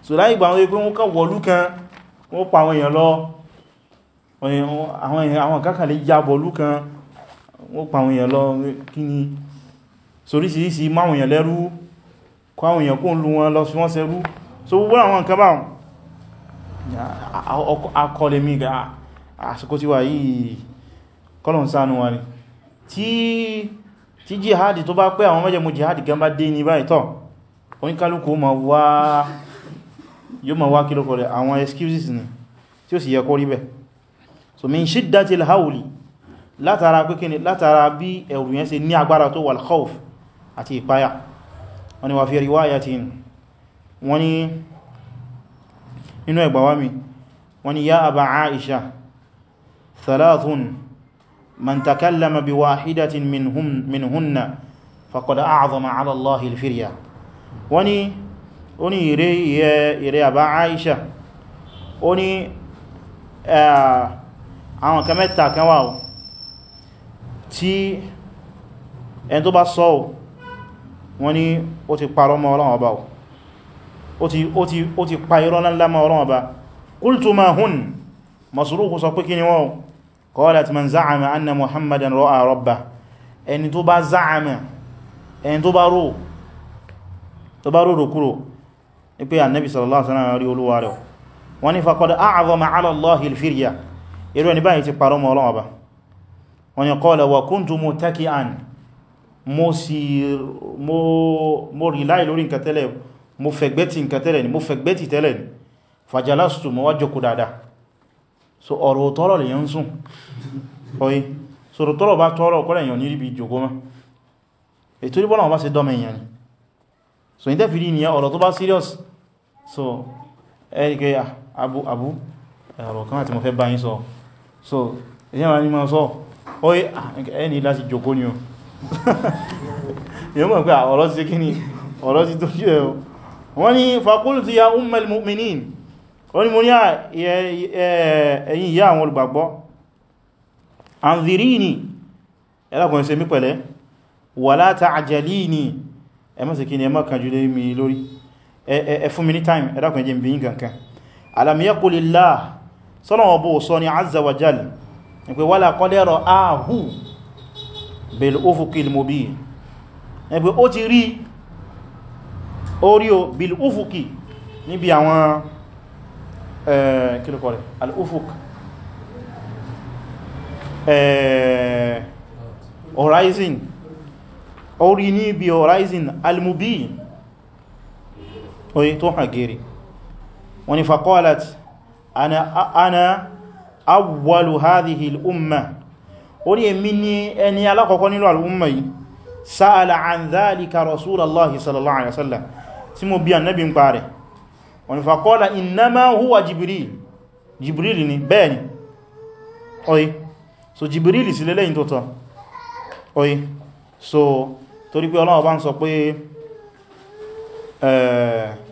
Speaker 1: so láì gbà wọn pé wọ́n kàn wọ̀lú kan wọ́n pa àwọn èèyàn lọ àwọn kákàlẹ̀ ya bọ̀lú kan wọ́n pa àwọn èèyàn lọ kí ni sorísìírísì máwọn èèyàn lẹ́rú kọ àwọn èèyàn kó ń lu wọn lọ sí wọ́n sẹ́rú so gbogbo àwọn nǹkan báwọn akọlẹ̀ mi ga àsìkò tí wà yìí kọlọ̀n sánú wa ni tí jihadi tó bá pẹ́ àwọn mẹ́jẹ̀mú jihadi gan bá dé ní báyìí tọ́ oníkálùkù ma wá yóò ma wá kí lókọ̀ rẹ̀ àwọn excuses ni tí ó sì yẹ kó rí bẹ̀ so min shiddatil hawli látara pínkín látara bí ẹ̀rù yẹn ṣe ní agbára tó wal khawf àti ìpáyà wọ́n ni wà fi riwayatin wọ́n ni nínú ẹgbàwámi wọ́n ni ya aba aisha thalathun man takallama bi wahidatin minhunna faqad a'zama ala allahi al-firya wọ́n ó ní ìrẹ́ ìyẹ́ ìrẹ́ àbá Aisha ó ní àwọn kan mẹ́ta kan wà tí ẹni tó bá sọ wọ́n ní ó ti parọ́ mọ́ Ọlọ́run Ọba ó ti pa irọ́ ńlá mọ́ Ọlọ́run Ọba qultu ma hun masruku sọ pé kí ni wọ́n qalat man za'ama anna Muhammadan ra'a rabbah ẹni tó bá za'ama ẹni tó bá rò rò kúrò ní pé annabi sallallahu alaihi wasallam rí olúwa rẹ̀ wọ́n ní faqad a'zama 'ala Allahi al-firya irú ẹni báyìí ti parọ́ mọ́ Ọlọ́run Ọba wọ́n ní qala wa kuntu mutaki'an mo mo rí láì lórí nǹkan tẹ́lẹ̀ mo fẹ̀gbẹ́tì nǹkan tẹ́lẹ̀ ni mo fẹ̀gbẹ́tì tẹ́lẹ̀ ni fàjálásùtù mo wá jókòó so ọ̀rọ̀ tọ́rọ̀ lè yán sùn ọ̀yí so ọ̀rọ̀ tọ́rọ̀ bá tọ́rọ̀ kọ́lẹ̀ èyàn ní ríbi ìjòkó mọ́ ètò ìbọ́nà wọ́n bá ṣe dọ́mẹ̀ èyàn ni so ní tẹ́fìrí ni ọ̀rọ̀ tó bá serious so ẹ́rìkẹ́ ah, abu abu ẹ̀rọ kan àti mo fẹ́ bá yín sọ so èyàn ma ah, ní ma sọ oye ẹni láti jòkó ni o yíò mọ̀ pé ah, ọ̀rọ̀ ti kí ni ọ̀rọ̀ ti tó jẹ́ o wọ́n ni fakulti ya ummel mu'minin wọ́n ni mo ní ẹ̀yìn ìyá àwọn olùgbàgbọ́ anzirini ẹlákùnrin ṣe mí pẹ̀lẹ́ wala ta'jalini ẹmọ́sìkí ni ẹmọ́ kanjú lé mi lórí ẹ fún mi ní time ẹ dákun ẹjẹ́ mbìyìn kankan alam yaqulillah sọ́lọ́wọ́ bó sọ ní azza wa jal ní pé wala qadara ahu bil ufuqil mubin ní pé ó ti rí orí o bil ufuqi níbi àwọn kílùkọ́ rẹ̀ al ufuq horizon orí níbi horizon al mubin oye tó hàn gírí wọ́n ni faqalat ana ana awwalu hadhihi al'umma orí èmi ni ẹni alákọ̀ọ́kọ́ nínú al'umma yìí sa'ala an dhalika rasulallahi sallallahu alaihi wasallam tí mo bi annabi ń parẹ̀ wọ́n ni faqala innama huwa jibril jibril ni bẹ́ẹ̀ oye so jibril sí lẹ́lẹ́yìn tó tọ́ oye so torí pé Ọlọ́run bá ń sọ pé ẹ̀ẹ́ eh,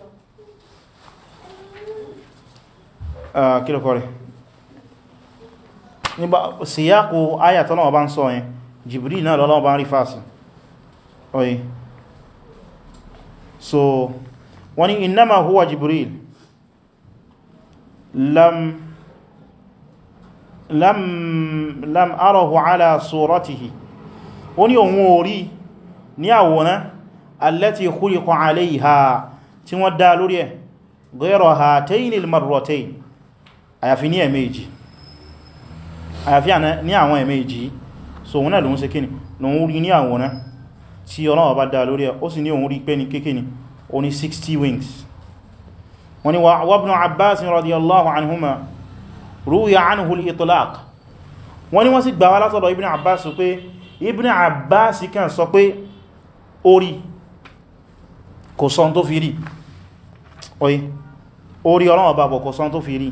Speaker 1: Ah, kílùkọ́ rẹ̀ nígbà síyákò ayàtọ́ náà bá ń sọ yẹn jìbìrì náà lọ́lọ́ bá ń rí fásì ọ̀yẹ́ so wọ́n ni innama huwa jìbìrì lam lam arahu ala suratihi ó ní òun orí ní àwòrán allati khuliqa alayha tí wọ́n dá lórí ẹ̀ ghayra hatayn al-marratayn àyàfi ní ẹ̀mẹ́jì àyàfi ní àwọn ẹ̀mẹ́jì so òun náà lòun ṣe kíni lòun rí ní àwòrán tí ọlọ́wọ́ bá dá lórí ẹ̀ ó sì ní òun rí pé ní kéèkéè ní ní 60 wings wọ́n ni wa ibn radiyallahu anhuma ruya anhu al wọ́n ni wọ́n sì gbà ọlọ́wọ́ bá bọ̀ kò sọ́n tó fi rí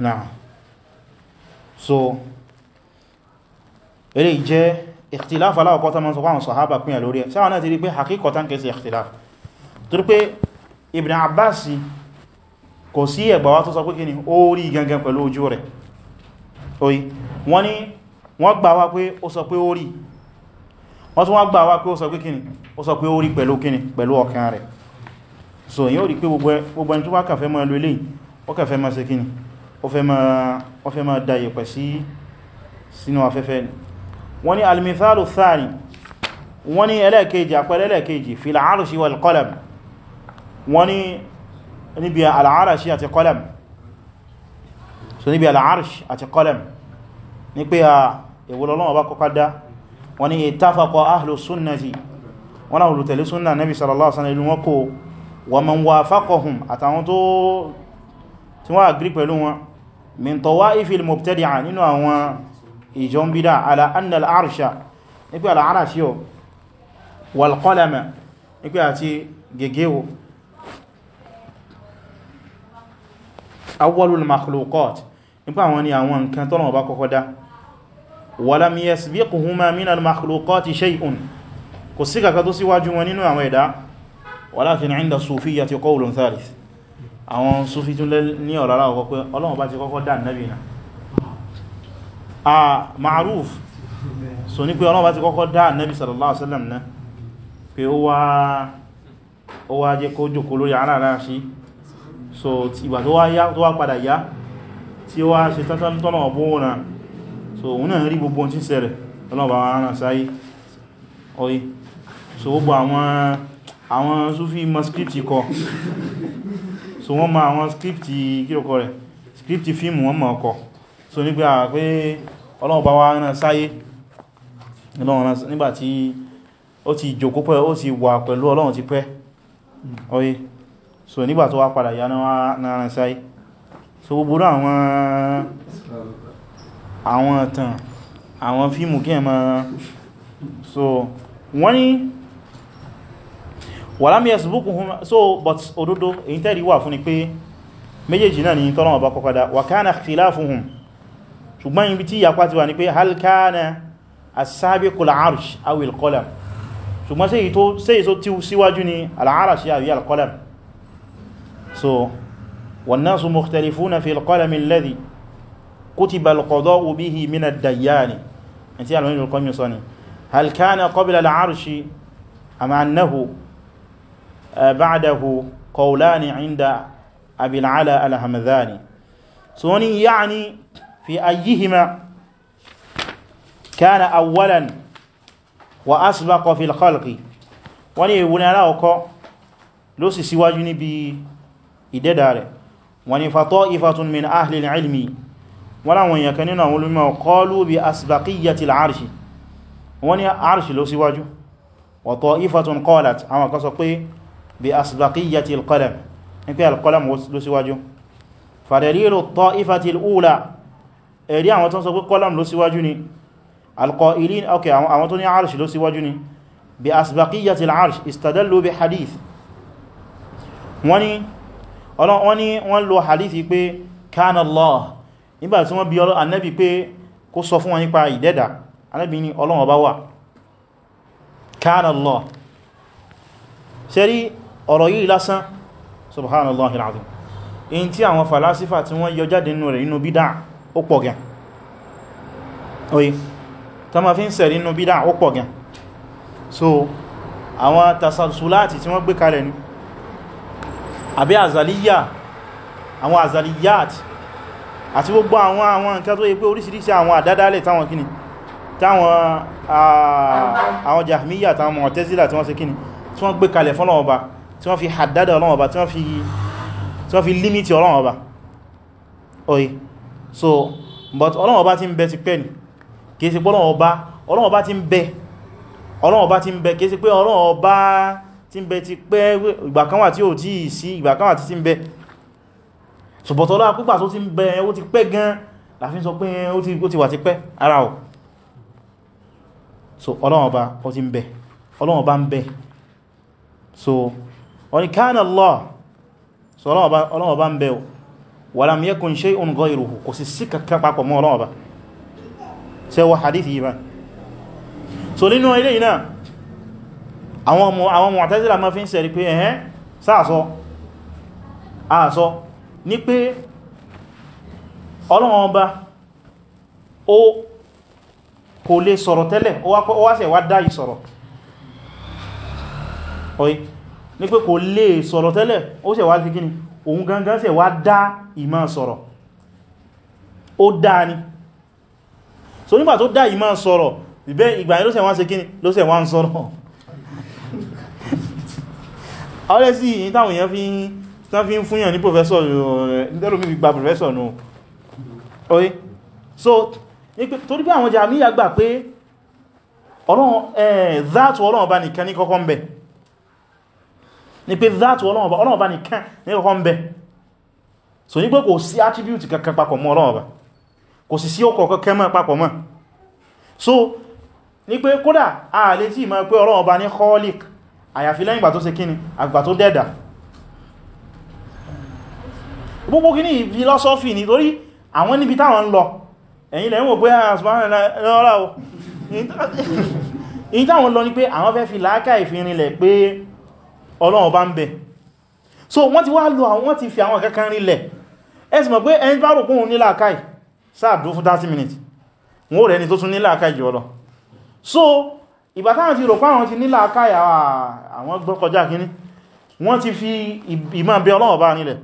Speaker 1: náà so èléyìí jẹ́ ìkhtilaf aláwọ̀kọ́ tó mọ́sọ̀kọ́ àwọn sàhábà pínyà lórí ẹ̀ sáwọn náà ti rí pé hakíkọtán kẹsì ìkhtilaf torí pé Ibn Abbas kò sí ẹgbàwá tó sọ pé kíni ó rí gangan pẹ̀lú ojú rẹ̀ oyi wọ́n ni wọ́n gbà pé ó sọ pé ó rí so yóò rí pé gbogbo ẹni tó wá kàfẹ́ mọ́ ẹlú eléyìí ó fẹ́ máa da yẹ̀pẹ̀ sí sínú afẹ́fẹ́ ni wọ́n ni al-mithalu thani wọ́n ni ẹlẹ́ẹ̀kejì àpẹẹrẹ ẹlẹ́ẹ̀kejì fil arshi wal qalam wọ́n ni níbi al-arshi àti qalam so níbi al-arshi àti qalam ní pé a ìwòlọ́lọ́wọ́ bá kọ́kọ́ dá wọ́n ni ittafaqa ahlu sunnati wa man wafaqahum àtàwọn tó tí wọ́n àgírí pẹ̀lú wọn min tawaifil mubtadi'a nínú àwọn ìjọ bídá ala anna al'arsha nípé al'arashi o wal qalama nípé àti gègéwò awwalul makhluqat nípé àwọn ni àwọn nǹkan tọ́nà ọba kọ́kọ́ dá walam yasbiquhuma min al-makhluqati shay'un kò sí kàkà tó síwájú wọn nínú àwọn ẹ̀dá walakin 'inda as-sufiyyati qawlun thalith àwọn súfí tún ní ọ̀rọ̀ ara ọkọ̀ pé ọlọ́run bá ti kọ́kọ́ dá nẹ́bì náà a ma'aruf so ní pé ọlọ́run bá ti kọ́kọ́ dá nẹ́bì sallallahu alaihi wasallam náà pé ó wá jẹ́ kó jòkó lórí ara so ìgbà tó wá padà yá tí ó wá ṣe tátán tọ́nà so òun náà rí gbogbo tí sẹ̀rẹ̀ ọlọ́run bá wá náà sáyé ọyí so gbogbo àwọn àwọn súfí manuscript so wọ́n ma àwọn script kílòkọ́ rẹ̀ script fíìmù wọ́n ma ọkọ̀ so nígbà pé ọlọ́run bá wá na sáyé ọlọ́run nígbàtí ó ti jókòó pẹ́ ó ti wà pẹ̀lú ọlọ́run ti pẹ́ oye so nígbà tó wá padà yá na sáyé so gbogbo àwọn àwọn tàn àwọn fíìmù kí ẹ ma so wọ́n ni wàlámi yasbuku hum so but òdodo èyí tẹ́rì wà fún ni pé méjèèjì náà ni tọ́lọ́wọ́ bá kọkọdá wà kánà khilafuhum ṣùgbọ́n ibi tí yàpá ti wà ní pé hal kana as-sabiqu al-arsh aw ṣùgbọ́n sí ètò sí ètò tí síwájú ni al-arsh so wan-nasu mukhtalifuna fi al-qalam alladhi kutiba al-qada'u bihi min ad-dayyani hal kana qabla al-arshi annahu بعده قولان عند أبي العلا الهمذاني سوني يعني في أيهما كان أولا وأسبق في الخلق wani ìwúni aláwọ̀kọ́ ló sì síwájú níbi ìdẹ́dà rẹ̀ wani fatọ́ ifatun min ahlil ilmi wọ́n láwọn èèyàn kan nínú àwọn olùmọ̀ kọlu bí asbaqiyyatil arshi wọ́n ní arshi ló síwájú wọ́tọ́ ifatun qalat àwọn kan sọ pé bí asbaqiyyati alqalam ní pé alqalam ló síwájú fàdẹ̀lìlò ta'ifati al'ula ẹ̀rí àwọn tó ń sọ pé qalam ló síwájú ni alqa'ilin ok àwọn tó ní arṣì ló síwájú ni bí asbaqiyyati al'arṣ istadallu bí hadith wani wọ́n lo hadithi pé kana Allah nígbà tí wọ́n bi ọ̀rọ̀ yìí lásán subhanallahil azim in tí àwọn falasifa tí wọ́n yọ jáde nínú rẹ̀ nínú bídá ó pọ̀ gan oye tó ma fi ń sẹ̀rí nínú bídá ó pọ̀ gan so àwọn tasalsulati tí wọ́n gbé kalẹ̀ ní àbí azaliya àwọn azaliyat àti gbogbo àwọn àwọn nǹkan tó yẹ pé oríṣiríṣi àwọn àdádálẹ̀ táwọn kíni táwọn àwọn jahmiya táwọn mu'tazila tí wọ́n ṣe kíni tí wọ́n gbé kalẹ̀ fọ́nà ọba tí wọ́n fi haddada ọlọ́wọ́ bá tí wọ́n fi limiti ọlọ́wọ́ bá oye so but ọlọ́wọ́ bá ti ń bẹ ti pẹ́ ni kìí sí pé ọlọ́wọ́ bá ti ń bẹ ọlọ́wọ́ bá ti ń bẹ kìí sí pé ọlọ́wọ́ bá ti ń bẹ ti pẹ́ ìgbàkanwà tí ó jí sí ìgbàkanwà ti ń bẹ so but ọlọ́wọ́ púpà tó ti ń bẹ ó ti pẹ́ gan láfin sọ pé ó ti wà ti pẹ́ ara ọ̀ so ọlọ́wọ́ bá ó ti ń bẹ ọlọ́wọ́ bá ń bẹ so wọ́n kánà Allah so ọlọ́wọ́ bá ń bẹ̀ walam yakun shay'un ghayruhu kò sí sí kankan papọ̀ mọ́ ọlọ́wọ́ bá ṣe wọ hadith yìí bá so nínú ilé iná àwọn Mu'tazila ma fi ń sẹ̀rí pé ẹ̀hẹ́ sáàsọ́ àásọ́ ní pé ọlọ́wọ́ bá ó kò lè sọ̀rọ̀ tẹ́lẹ̀ ó wá sẹ̀ wá dá ìsọ̀rọ̀ oye ní pé kò lè sọ̀rọ̀ tẹ́lẹ̀ ó sẹ̀ wá fi kíni òun gangan sẹ̀ wá dá ìmá sọ̀rọ̀ ó dá ni so nígbà tó dá ìmá sọ̀rọ̀ ìbẹ́ ìgbà ló sẹ̀ wá ṣe kíni ló sẹ̀ wá ń sọ̀rọ̀ ọlẹ́ sí ìyí táwọn èèyàn fi ń fúnyàn ní professor nítẹ́lómi fi gba professor nù oye so torí pé àwọn jàmíyà gbà pé ọlọ́run ẹ̀ẹ́ eh, záàtù ọlọ́run bá nìkan ní kọ́kọ́ ń bẹ̀ẹ́ ní pé that Ọlọ́run Ọba Ọlọ́run Ọba nìkan ní ọkọ̀ ń bẹ so ní pé kò sí attribute kankan papọ̀ mọ́ Ọlọ́run Ọba kò sì sí ọkọ̀ kankan mọ́ papọ̀ mọ́ so ní pé kódà a lè tí ma pé Ọlọ́run Ọba ní khaliq àyàfi lẹ́yìn ìgbà tó ṣe kíni àgbà tó dẹ́dà gbogbo kíní philosophy nítorí àwọn níbi táwọn ń lọ ẹ̀yìn lẹ́yìn wò ah, pé àwọn fẹ́ fi láákà ìfinrinlẹ̀ pé ọlọ́run bá ń bẹ so wọ́n ti wá lò àwọn wọ́n ti fi àwọn kankan rinlẹ̀ ẹ̀sì mọ̀ pé ẹni bá rùkún òun nílà káì sáàdó fún 30 minutes wọ́n rẹ̀ ni tó tún nílà káì jù ọlọ so ìgbà táwọn ti rò pé àwọn ti nílà káì àwọn gbọ́ kọjá kíní wọ́n ti fi ìmá bẹ ọlọ́run bá nílẹ̀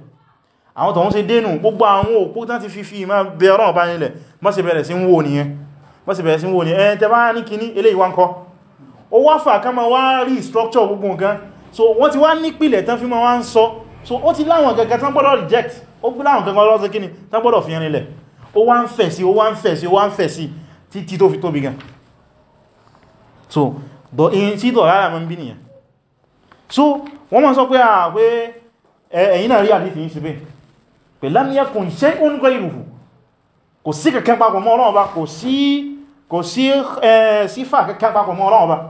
Speaker 1: àwọn tọ̀hún ṣe dénú gbogbo àwọn òpó tán ti fi fi ìmá bẹ ọlọ́run bá nílẹ̀ mọ́ sí bẹ̀rẹ̀ sí ń wò nìyẹn mọ́ sí bẹ̀rẹ̀ sí ń wò nìyẹn ẹ̀ tẹ́ bá ní kíní eléyìí wá ń kọ́ ó wá fà ká máa wá rí structure gbogbo nǹkan so wọ́n ti wá nípìlẹ̀ tán fi ma wá ń sọ so ó ti láwọn gẹ́gẹ́ tán gbọ́dọ̀ reject ó gbí láwọn gẹ́gẹ́ lọ́sẹ̀ kíni tán gbọ́dọ̀ fi rinlẹ̀ ó wá ń fẹ̀ sí ó wá ń fẹ̀ sí ó wá ń fẹ̀ sí títí tó fi tóbi gan so dọ̀ in tí dọ̀ rárá mọ́ bí nìyẹn so wọ́n ma sọ pé à ah, pé ẹ̀yìn náà rí àdífì yìí síbẹ̀ pé lámíyà kò ṣe ń gọ́ ìrùhù kò sí kẹ̀kẹ́ papọ̀ mọ́ ọlọ́ọ̀bá kò sí sífà kẹ̀kẹ́ wà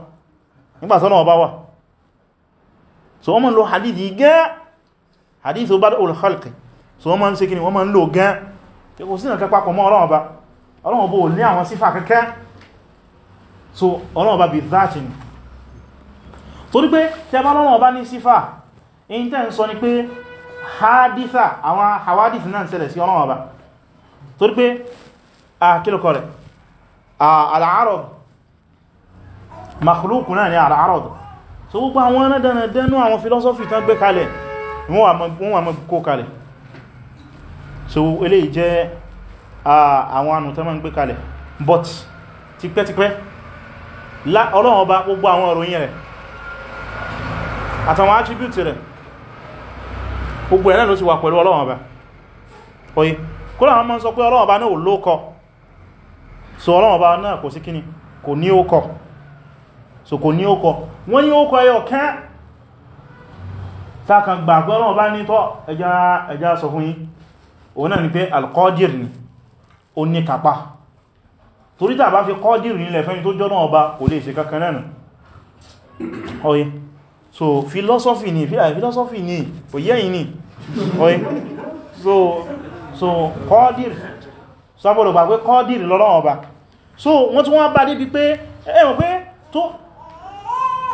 Speaker 1: so wọ́n ma ń lo hadithi gan hadithi bad'ul khalqi so wọ́n ma ń ṣe kí ni wọ́n ma ń lo gan kò sínú kẹpa pọ̀ mọ́ Ọlọ́run Ọba Ọlọ́run Ọba ò ní àwọn sífà kẹ́kẹ́ so Ọlọ́run Ọba bí that ni torí pé tẹ bá Ọlọ́run ní sífà in tẹ́ ń sọ ni pé haditha àwọn hawadith náà ṣẹlẹ̀ sí Ọlọ́run Ọba torí pé àkílùkọ rẹ̀ al-arad náà ni al so gbogbo àwọn ẹ̀nàdànà dẹnu àwọn philosophy tán gbé kalẹ̀ wọ́n wà mọ́ kó kalẹ̀ so eléyìí jẹ́ àwọn ànù tán mọ́ gbé kalẹ̀ but tipẹ́tipẹ́ Ọlọ́run ọba gbogbo àwọn ìròyìn rẹ̀ àtàwọn attribute rẹ̀ gbogbo ẹ̀ náà ló ti wà pẹ̀lú Ọlọ́run ọba oye kó láwọn mọ́ sọ pé Ọlọ́run ọba náà ò lóókọ so Ọlọ́run ọba náà kò sí kíni kò ní ó kọ̀ so kò ní ókọ wọ́n ní ókọ ẹyọ kán sákan gbà pé Ọlọ́run bá ní tọ́ ẹjá sọ fún yín òun náà ni pé alkọ́dìr ni ó ní kápá torí tàbá fi kọ́dìr nílẹ̀ fẹ́ni tó jọ́nà ọba kò lè ṣe kankan náà ọ̀yẹ́ so philosophy ni eh, philosophy ni kò yẹ́ yìí ni Oye, so so kọ́dìr sọ́bọ̀lọ̀gbà pé kọ́dìr lọ́lọ́run ọba so wọ́n tún wọ́n bá débi pé ẹ̀wọ̀n pé tó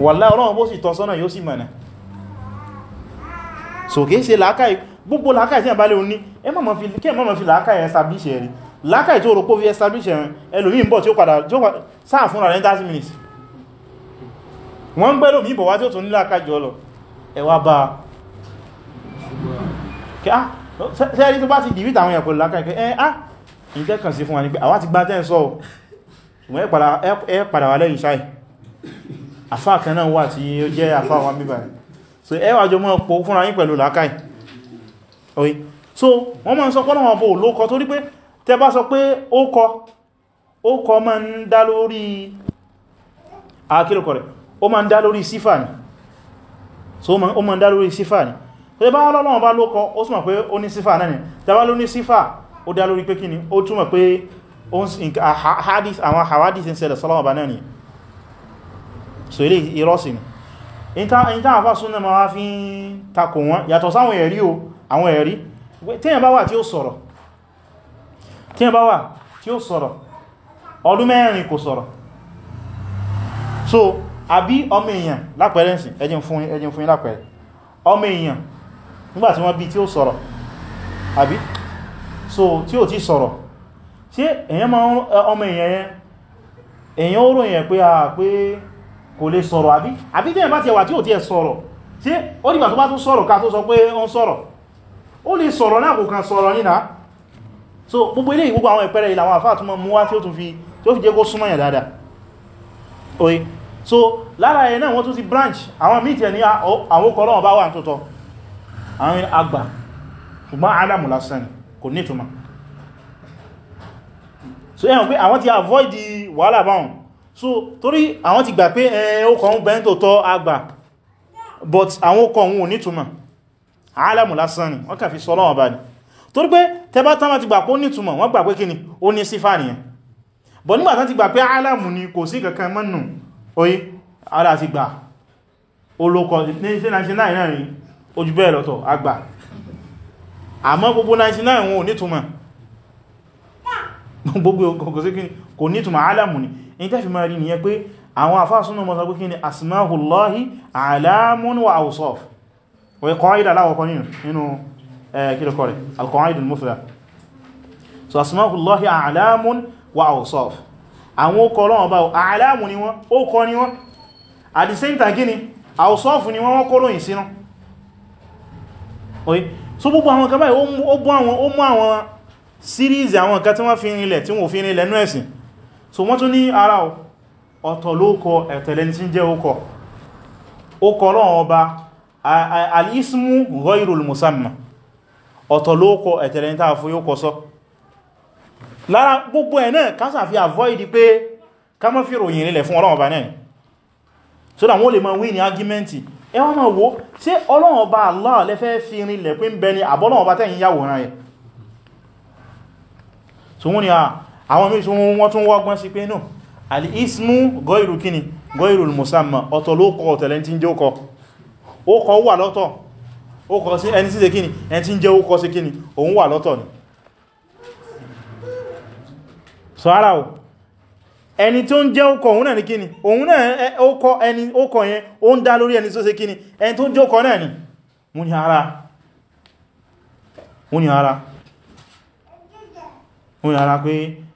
Speaker 1: wàlá ọlọ́run bó sì tọ́sọ́nà yóò sì mọ̀nà so kìí se làákàí gbogbo làákàí tí àbálẹ̀ òní ẹ mọ́ mọ́ fi làákàí establish ẹ̀rí làákàí tó rọ̀pọ̀ fi establish ẹ̀rí ẹlòmí ń bọ̀ tí ó padà sáà fúnra rẹ̀ 30 minutes wọ́n ń gbẹ́lò mìíbọ̀ wá tí ó tún ní làákàí jọ lọ ẹwà bá sẹ́rí ah, tó bá ti dìbìtà eh, ah ìjẹ́kàn sí fún wa ní pé àwa ti gbá tẹ́ ń sọ ẹ̀ padà wà lẹ́yìn ṣáì àfá kan náà wà tí ó jẹ́ àfá wa bíbà so ẹwà jọ mọ́ pọ̀ fúnra yín pẹ̀lú làákàí oye so wọ́n máa ń sọ pọ́nà wọn bó lókọ torí pé tẹ bá sọ pé ó kọ ó kọ máa ń dá lórí àkílùkọ rẹ̀ ó máa ń dá lórí sífà ni so ó máa ń dá lórí sífà ni tẹ bá lọ́lọ́wọ́n bá lókọ ó súnmọ̀ pé ó ní sífà náà ni tẹ bá ló ní sífà ó dá lórí pé kí ó túnmọ̀ pé àwọn hawadis ń ṣẹlẹ̀ bá náà ni so ilé ìrọ́sì ni ìta àfá súnnà ma wá fi ń takò wọn yàtọ̀ sáwọn ẹ̀rí o àwọn ẹ̀rí tíyàn bá wà tí ó sọ̀rọ̀ tíyàn bá wà tí ó sọ̀rọ̀ ọdún mẹ́rin kò sọ̀rọ̀ so àbí ọmọ èèyàn lápẹ̀ẹ́lẹ́sìn ẹjìn fún ẹjìn fún lápẹ̀ẹ́ ọmọ èèyàn nígbàtí wọ́n bí tí ó sọ̀rọ̀ àbí so tí ó ti sọ̀rọ̀ sí èèyàn ọmọ èèyàn yẹn èèyàn ó ròyìn pé a pé kò lè sọ̀rọ̀ àbí àbí tẹ́yẹ̀ bá ti ẹwà tí ò tí ẹ sọ̀rọ̀ tí ó dìgbà tó bá tún sọ̀rọ̀ ká tó sọ pé ó ń sọ̀rọ̀ ó lè sọ̀rọ̀ náà kò kàn sọ̀rọ̀ nínà so gbogbo ilé ìgbogbo àwọn ìpẹrẹ ìlàwọn àfáà túnmọ̀ mú wá tí ó tún oye so lára ẹ̀ náà wọ́n branch àwọn míì tiẹ̀ ní àwọn okọ̀ ọlọ́wọ̀n bá wà tó tọ́ àwọn àgbà ṣùgbọ́n alamu lásán kò nítumọ̀ so ẹ̀hàn pé àwọn ti avoid wàhálà báwọn so torí àwọn ti gbà pé ẹ ọkọ̀ ń bẹ́ẹ̀ tó tọ́ àgbà but àwọn ọkọ̀ òun ò nítumọ̀ alamu lásán ni wọ́n kà fi sọ́lọ́wọ́ bá ní torí pé tẹbá tánmà ti gbà pé ó nítumọ̀ wọ́n gbà pé kí ni ó ní sífà nìyàn but nígbà tán ti gbà pé alamu ni kò sí kankan mọ́nù oye ara ti gbà olókọ̀ 1999 náà ni ojú bẹ́ẹ̀ lọ́tọ̀ àgbà alamu ni in tẹ́fì máa rí nìyẹn pé àwọn àfáàsúnà mọ́ sọ pé kí ni asmahullahi alamun wa awsaf wọ́n kọ́ ìdà aláwọ̀kọ́ nínú kílùkọ́rẹ̀ alkọ́ìdùn mufla so asmahullahi alamun wa awsaf àwọn ó kọ́ lọ́wọ́ báwọ̀ alamun ni wọ́n ó kọ́ ni wọ́n at the same time gini awsaf ni wọ́n wọ́n kó lóyìn sínú oye gbogbo àwọn kan ó mú àwọn series àwọn kan tí wọ́n fi rinlẹ̀ tí wọ́n fi rinlẹ̀ nú ẹ̀sìn so wọ́n tún ní ara ọ̀tọ̀ lóòkọ ẹ̀tẹ̀lẹ́ni tí ń jẹ́ ókọ̀ ókọ̀ lọ́wọ́ ọba al'ismu ghairul musamman ọ̀tọ̀ lóòkọ ẹ̀tẹ̀lẹ́ni tàà fún yóò sọ lára gbogbo ẹ̀ náà kásà fi avoid pé ká mọ́ fi ròyìn nílẹ̀ fún ọlọ́wọ́ ọba náà so that wọ́n lè Allah lẹ́fẹ́ fi rinlẹ̀ pín bẹni àbọ́lọ́wọ́ ọba tẹ́yìn ni a àwọn méjì wọ́n tún wọ́gbọ́n sí pé náà al'ismu goiru kini goiru musamman ọ̀tọ̀ ló kọ ọ̀tẹ̀lẹ̀ tí ń jẹ́ ókọ ókọ wà lọ́tọ̀ ókọ sí ẹni sí kini ẹni tí ń jẹ́ ókọ sí kini òun wà lọ́tọ̀ ni so ara o ẹni tó ń jẹ́ ókọ òun náà ni kini òun náà ókọ ẹni ókọ yẹn ó ń dá lórí ẹni tó ṣe kini ẹni tó jókọ náà ni mú ni ara mú ni ara mú ni ara pé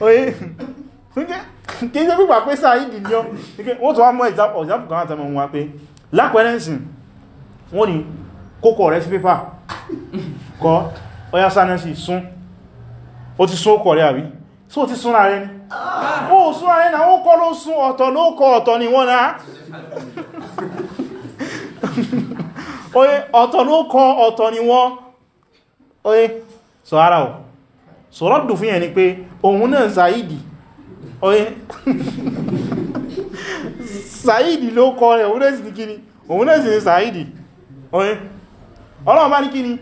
Speaker 1: oye kìí ṣe pípà pé sáà ìdí ní ọ́ wọ́n tó wá mọ́ ìjápù kan àtàmà wọn pé lápẹ́rẹ́nsì wọ́n ni kókò rẹ̀ sí pépà kọ́ ọya sáàrẹ́nsì sún ó ti sún ọkọ̀ rẹ̀ àrí sí ó ti sún ààrẹ ni ó sún ààrẹ na ó oye so ara o so rọ́dù fún yẹn ni pé òun náà Zaidi oye Zaidi ló kọ rẹ̀ òun náà sì ní kíni òun náà sì ní Zaidi oye ọlọ́run bá ní kíni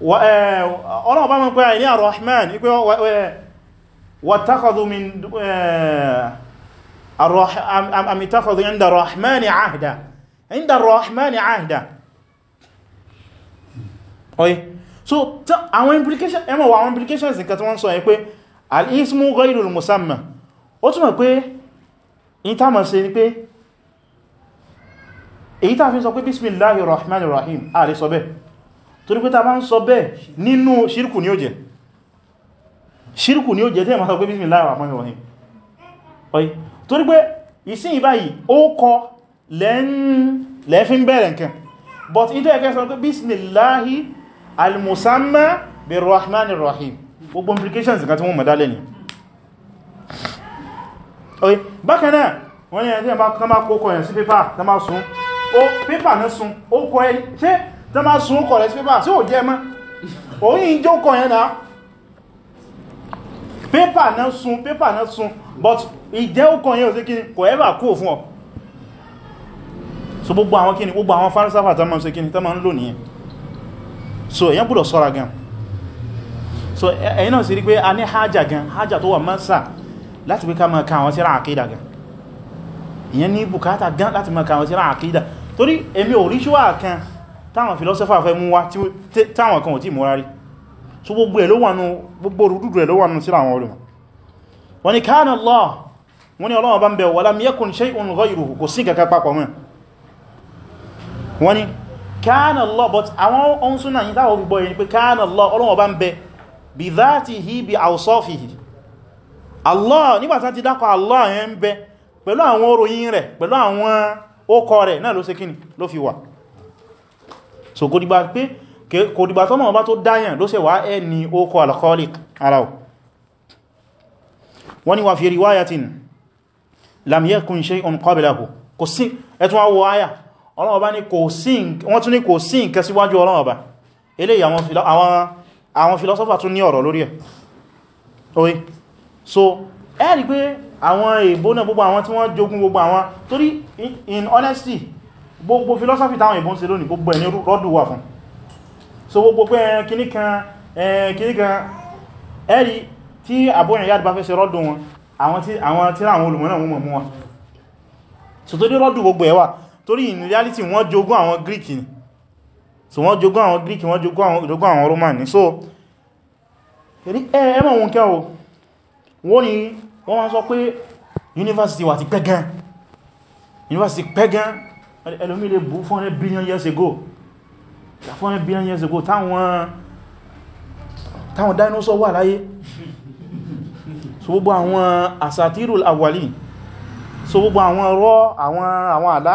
Speaker 1: ọlọ́run bá mọ́ pé àìní Ar-Rahman ipé wàtàkọ̀dù min àmìtàkọ̀dù inda Ar-Rahmani ahda inda ar oye so àwọn implication ẹmọ̀ wà àwọn implications nǹkan tí wọ́n sọ yẹ pé al-ismu ghayru al-musamma ó túnmọ̀ pé ìtàmà sí ni pé èyí tàà fi sọ pé bismillahi rahman rahim a lè sọ bẹ́ẹ̀ torí pé ta bá ń sọ bẹ́ẹ̀ nínú ṣírkù ní ó jẹ́ ṣírkù ní ó jẹ́ tẹ́ẹ̀mà sọ pé bismillahi rahman rahim oye torí pé ìsìn ìbáyìí ó kọ lẹ́fin bẹ̀rẹ̀ nǹkan but ìtẹ́ ẹ̀kẹ́ sọ pé bismillahi al-musamma bi rahman rahim gbogbo implications kan tí wọ́n mọ̀dálẹ̀ ni oye bákanáà wọ́n ni ẹ̀dẹ́ bá má kókọ̀ yẹn sí pépà tó má sún ó pépà ní sún ó kọ ẹ ṣe tó má sún kọ̀ rẹ̀ sí pépà sí ò jẹ́ mọ́ òyìn jẹ́ ó kọ yẹn náà pépà ní sún pépà ní sún but ìjẹ́ ó kọ yẹn ò sí kí kò ẹ́bà kó fún ọ so gbogbo àwọn kí gbogbo àwọn farisafa tó má ń ṣe kí ni tó má ń lò nìyẹn so èyàn gbọ́dọ̀ sọ́ra gan so ẹ̀yin náà sì rí pé a ní hajjá gan hajjá tó wà mọ́sà láti pé ká máa ka àwọn tírà àkídà gan ìyẹn ní bùkátà gan láti máa ka àwọn tírà àkídà torí èmi ò kan táwọn filosofa fẹ́ mú wá táwọn kan ò tí múra so gbogbo ẹ̀ ló wà nú gbogbo rúdúdú ẹ̀ ló wà nú tírà àwọn olùmọ̀ wọ́n ni kana Allah wọ́n ni Ọlọ́run káànà lọ but àwọn ohun súnà yí táwọn gbogbo yìí pé káànà lọ ọlọ́wọ́ bá ń bẹ bí dhatihi bí awsafihi Allah nígbàtá ti dákọ̀ Allah yẹn ń bẹ pẹ̀lú àwọn oròyìn rẹ̀ pẹ̀lú àwọn ókọ rẹ̀ náà ló ṣe kíni ló fi wà so kò dìgbà pé kò dìgbà tọ́nà ọba tó dáyàn ló ọlọ́wọ́ bá ní kò sí wọ́n tún ní kò sí nǹkan síwájú ọlọ́wọ́ bá eléyìí àwọn filosofa tún ní ọ̀rọ̀ lórí ẹ̀ oye so ẹ́ rí pé àwọn èbó náà gbogbo àwọn tí wọ́n jogun gbogbo àwọn torí in honesty gbogbo filosofi táwọn èbó ń se lónìí gbogbo ẹni rọ́dù wà fún so gbogbo pé kìníkan kìníkan ẹ́rí tí àbúrin yàdì bá fẹ́ ṣe rọ́dù wọn àwọn tí àwọn olùmọ̀ náà mú wọn so tó dé rọ́dù gbogbo ẹ̀wà torí in reality wọ́n jogún àwọn Greek ni so wọ́n jogún àwọn Greek wọ́n jogún àwọn Roman ni so ẹmọ ohun kẹ́ o wọ́n ni wọ́n máa sọ pé university wà ti pẹ́gán university pẹ́gán ẹlòmí lè bú 400 billion years ago 400 billion years ago táwọn táwọn dinosaur wà láyé so gbogbo àwọn asatirul awali so gbogbo àwọn rọ́ àwọn àlá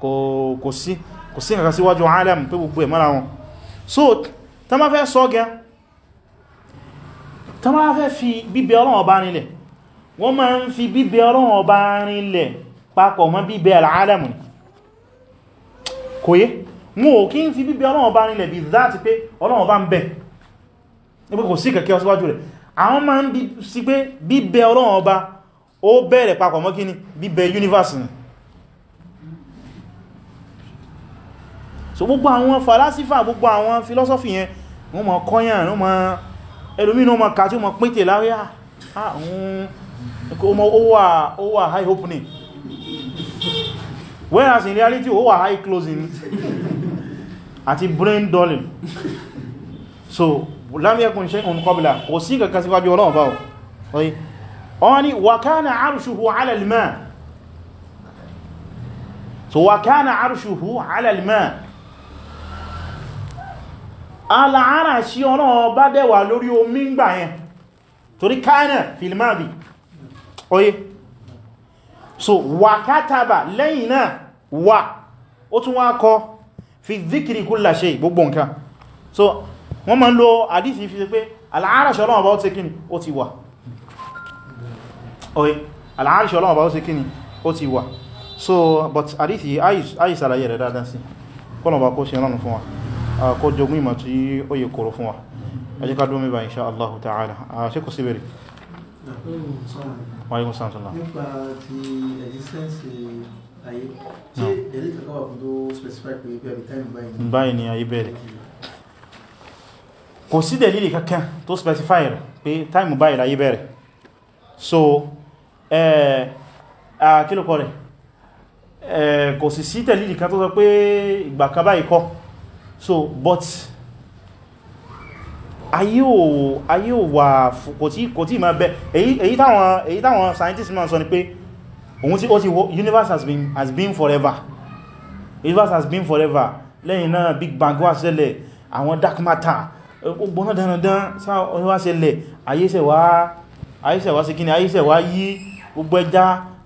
Speaker 1: kò sí kò sí nǹkan síwájú alam pé gbogbo ẹ̀mọ́ra wọn so ta ma fẹ́ sọ gẹn ta ma fẹ́ fi bíbẹ Ọlọ́run ọba rinlẹ̀ wọ́n ma ń fi bíbẹ Ọlọ́run ọba rinlẹ̀ papọ̀ mọ́ bíbẹ alam ni kò yé mú ò kí ń fi bíbẹ Ọlọ́run ọba rinlẹ̀ bí záti pé Ọlọ́run ọba ń bẹ nígbé kò sí kẹ̀kẹ́ síwájú rẹ̀ àwọn ma ń sí pé so gbogbo àwọn falasifa gbogbo àwọn filosofi yẹn wọ́n ma kọ́yàn wọ́n ma ẹlòmínú ma kàtí wọ́n ma pínte lárí àwọn ah, ah, over high whereas in reality over high closing àti brain dulling so lámẹ́kùn ṣe òun kọbílá kò sí kankan síwájú ọlọ́run báwọ̀ oye wọ́n ni wa kana arshuhu so wa kana arshuhu ala aláàrà sí ọ̀nà ọba dẹ̀wà lórí omi ń gbà yẹn torí káànà fìlmáàbì oye so wà kátàbà lẹ́yìn náà wà ó tún wá kọ fi zikiri kulla shay gbogbo nǹkan so wọ́n ma ń lo àdísì fi pé aláàrà sí ọ̀nà ọba ó ti wà oye aláàrà sí ọ̀nà ọba ó ti wà so but àdísì àìsàlàyé rẹ̀ dáadáa sí kọ́nà ọba kó ṣe ránù fún wa kó jogún ìmọ̀ tí ó yẹ kòrò fún wa ẹ jẹ́ ká dúró mẹ́bàá insha Allah ta'ala ṣe kò sí bèrè wáyé musamman sọ́lá nípa ti existence ayé tí ẹ̀lẹ́ kàkọ́ wà fún tó specify pé bí i time báyìí báyìí ni ayé bẹ̀rẹ̀ kò sí dẹ̀lìlì kankan tó specify rẹ̀ pé time báyìí láyé bẹ̀rẹ̀ so kílùkọ́ rẹ̀ kò sì sí dẹ̀lìlì kan tó sọ pé ìgbà kan báyìí kọ́ so but ayé ò ayé ò wà kò tí kò tí ma bẹ èyí táwọn èyí táwọn scientists ma sọ ni pé òun tí ó ti universe has been has been forever universe has been forever lẹ́yìn náà big bang wá ṣẹlẹ̀ àwọn dark matter gbogbo náà dandan sáà wá ṣẹlẹ̀ ayé ṣẹ̀ wá ayé ṣẹ̀ wá ṣe kíni ayé ṣẹ̀ wá yí gbogbo ẹja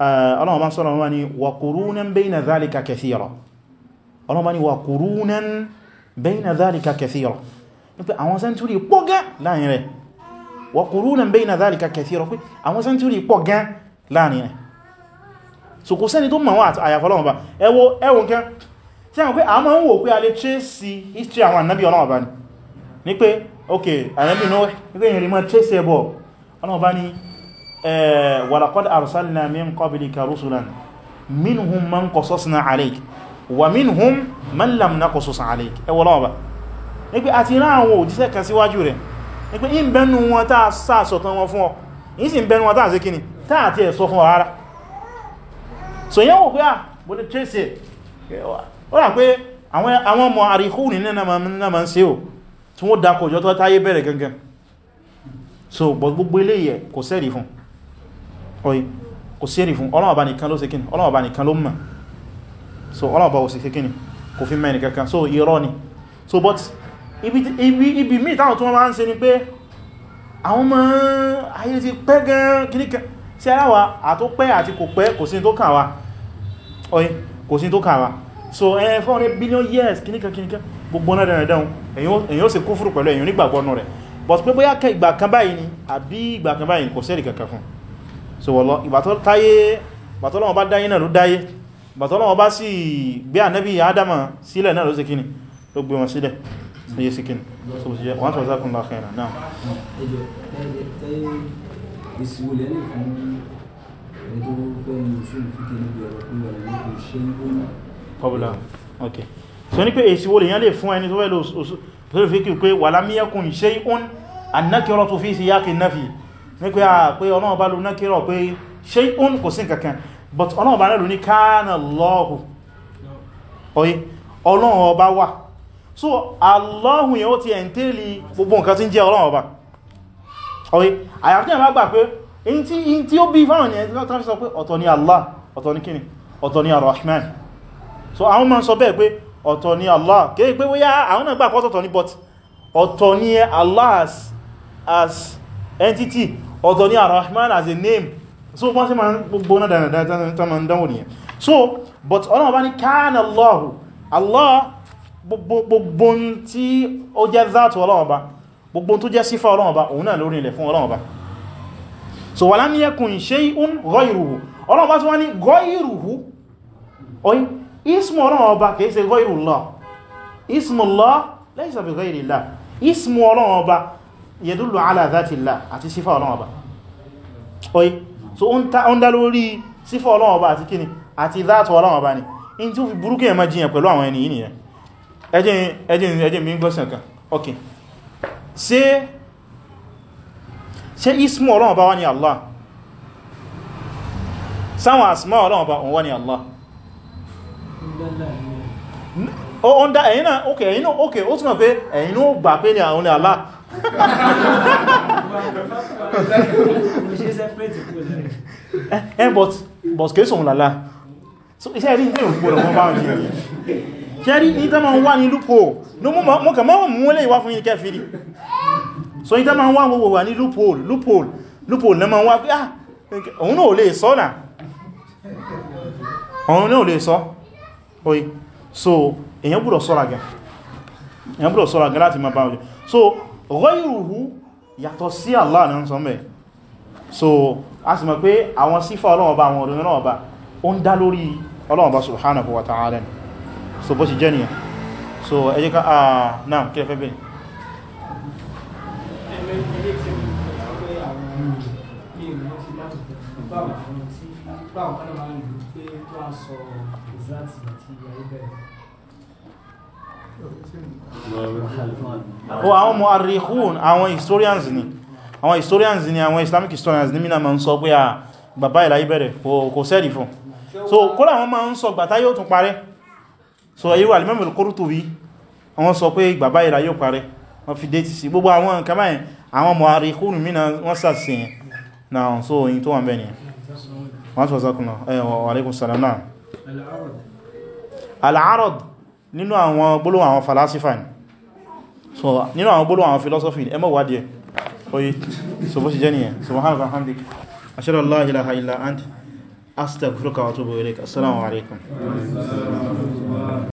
Speaker 1: Eh, ọlọ́run bá sọ́rọ̀ wọ́n ni wa qurunan bayna dhalika kathira ọlọ́run bá ni wa qurunan bayna dhalika kathira pé àwọn sẹ́ntúrì pọ̀ gan láàrin rẹ̀ wa qurunan bayna dhalika kathira pé àwọn sẹ́ntúrì pọ̀ gan láàrin rẹ̀ so kò sẹ́ni tó mọ̀ wọ́n àyàfọ́lọ́run bá ẹwọ ẹwùn kẹ́ tí àwọn pé àwọn ń wò pé a lè trace history àwọn annabi ọlọ́run bá Eh, walaqad arsalna min qablika rusulan minhum man qasasna alayk wa minhum man lam naqsus alayk ẹwọ lọ́wọ́ bá ní pé àti rán àwọn òjíṣẹ́ kan síwájú rẹ̀ ní pé in bẹnu wọn tàà sàásọ̀tán wọn fún ọ in sì bẹnu wọn tàà sí kíni tàà tí ẹ̀ sọ fún ọ rárá so yẹn wò pé à ah, bó lè tẹ́sẹ̀ ó rà pé àwọn ọmọ àríkú ní náà ma ń se o tí wọ́n dákọ̀ ọjọ́ tó táyé bẹ̀rẹ̀ gangan so gbogbo eléyẹ kò sẹ́rì fún ọ̀yí kò sẹ́rì fún ọlọ́ọ̀bá nìkan ló ṣe kíni ọlọ́ọ̀bá nìkan ló mọ̀ so ọlọ́ọ̀bá ò sì ṣe kíni kò fi mẹ́rin kankan so irọ́ ni so but ibi ibi míì táwọn tó wọ́n máa ń ṣe ni pé àwọn ọmọ ayé ti pẹ́ gan kíníkà sí aláwà àtó pẹ́ àti kò pẹ́ ko sí to kàn wá ọ̀yí kò sí tó kàn wá so ẹ 400 billion years kini kíníkà gbogbo náà dẹ̀rẹ̀ dẹ̀hun èyàn se sì kúfùrù pẹ̀lú èyàn nígbàgbọ́nù rẹ̀ but pé bóyá ìgbà kan báyìí ni àbí ìgbà kan báyìí kò sẹ́rì kankan fún so wọ́lọ́ ìbàtọ́lọ́wọ́ bá dáyé náà ló dáyé ìbàtọ́lọ́wọ́ bá sì gbé ànábì adama sílẹ̀ náà ló sí kíni ló gbé wọn sílẹ̀ sí sí kíni so bó sì okay so ní pé èsì wo lèyàn lè fún ẹni tó fẹ́ lò sórí fíkì pé wà lámíyẹ́kùn ṣe ń annakiratu fi siyaqi nafi ní pé à ah, pé ọlọ́wọ́ bá lò náà kírọ̀ pé ṣe òun kò sí kankan but ọlọ́wọ́ bá lò ní káànà lọ́hù oye ọlọ́wọ́ bá wà so alọ́hù yẹn ó ti ẹ̀ntẹ́lì gbogbo nǹkan tí ń jẹ́ ọlọ́wọ́ bá oye àyàfíà má gbà pé in tí ó bí fáwọn Allah ọ̀tọ̀ ni kíni ọ̀tọ̀ so àwọn máa ń sọ Allah kéè pé wóyá àwọn náà but ọ̀tọ̀ Allah as, as entity ọ̀tọ̀ ní ar as a name so wọ́n sí ma ń gbogbo náà dáadáa tán ma so but ọlọ́wọ́ bá ní kana Allah gbogbo tí ó jẹ́ záàtù ọlọ́wọ́ bá gbogbo tó jẹ́ sífà ọlọ́wọ́ bá so wa lam yakun shay'un ghayruhu ọlọ́wọ́ bá tí wọ́n ní ghayruhu oyin ismu ọlọ́wọ́ bá kìí ṣe ghayrullah ismu Allah laysa bi ghayrillah yẹdúlù aláàzátìlá àti sífà ọlọ́wọ́ bá oi so o ń dá lórí sífà ọlọ́wọ́ bá àti kíni àti záàtọ̀ ọlọ́wọ́ bá ní in tí ó fi burúkú ẹ̀mọ́ jiyàn pẹ̀lú àwọn ẹni yìí nìyẹn ẹjìn mi gbọ́sàn kan ok ṣe ismu ọlọ́wọ́ bá wá ní Allah sáwọn asma ọlọ́wọ́ bá wá ní Allah ó ń dá ẹ̀yìn náà ok ó túnmọ̀ pé ẹ̀yìn náà gbà pé ní àwọn Allah ẹ eh, but but kìí sọ̀rọ̀ lálá so iṣẹ́ rí ní òpópónà wọn bá wọn jẹ́ ṣe rí ní tẹ́mà ń wá ní lúpò mọ́ kà máa mú lè wá fún yínkẹ́ fìdí so ní tẹ́mà ń wá gbogbo wà ní lúpò lúpò lúpò na máa wá pé ah òun náà lè sọ náà òun náà lè so èyàn gbọ́dọ̀ sọ́ra gan láti máa bá wọn jẹ́ so ghayruhu yato si Allah ni sọ mẹ́ so a sì mọ̀ pé àwọn sífà ọlọ́ọ̀bá àwọn ọ̀rọ̀ ọlọ́ọ̀bá ó ń dá lórí ọlọ́ọ̀bá subhanahu wa ta'ala so bó sì jẹ́ nìyàn so ẹjẹ́ ká náà kí ẹfẹ́ bẹ́ẹ̀ báwọn kan o àwọn mu'arrikhun àwọn historians ni àwọn historians ni àwọn islamic historians ni mina ma ń sọ pé à bàbá ìlàyé bẹ̀rẹ̀ kò sẹ́rì fún so kódà wọ́n ma ń sọ gbàtá yóò tún parẹ́ so irú al-Imam al-Qurtubi wọ́n sọ pé bàbá ìlàyé ò parẹ́ wọ́n fi déètì sí gbogbo àwọn nǹkan báyìí àwọn mu'arrikhun mina wọ́n sàṣì yẹn náà so yìí tó wà bẹ́ẹ̀ nìyẹn so nínú àwọn gbólóhùn àwọn philosophy ẹ má wádìí oye so bó ṣe jẹ́ nìyẹn subhanaka hamdik ashhadu an la ilaha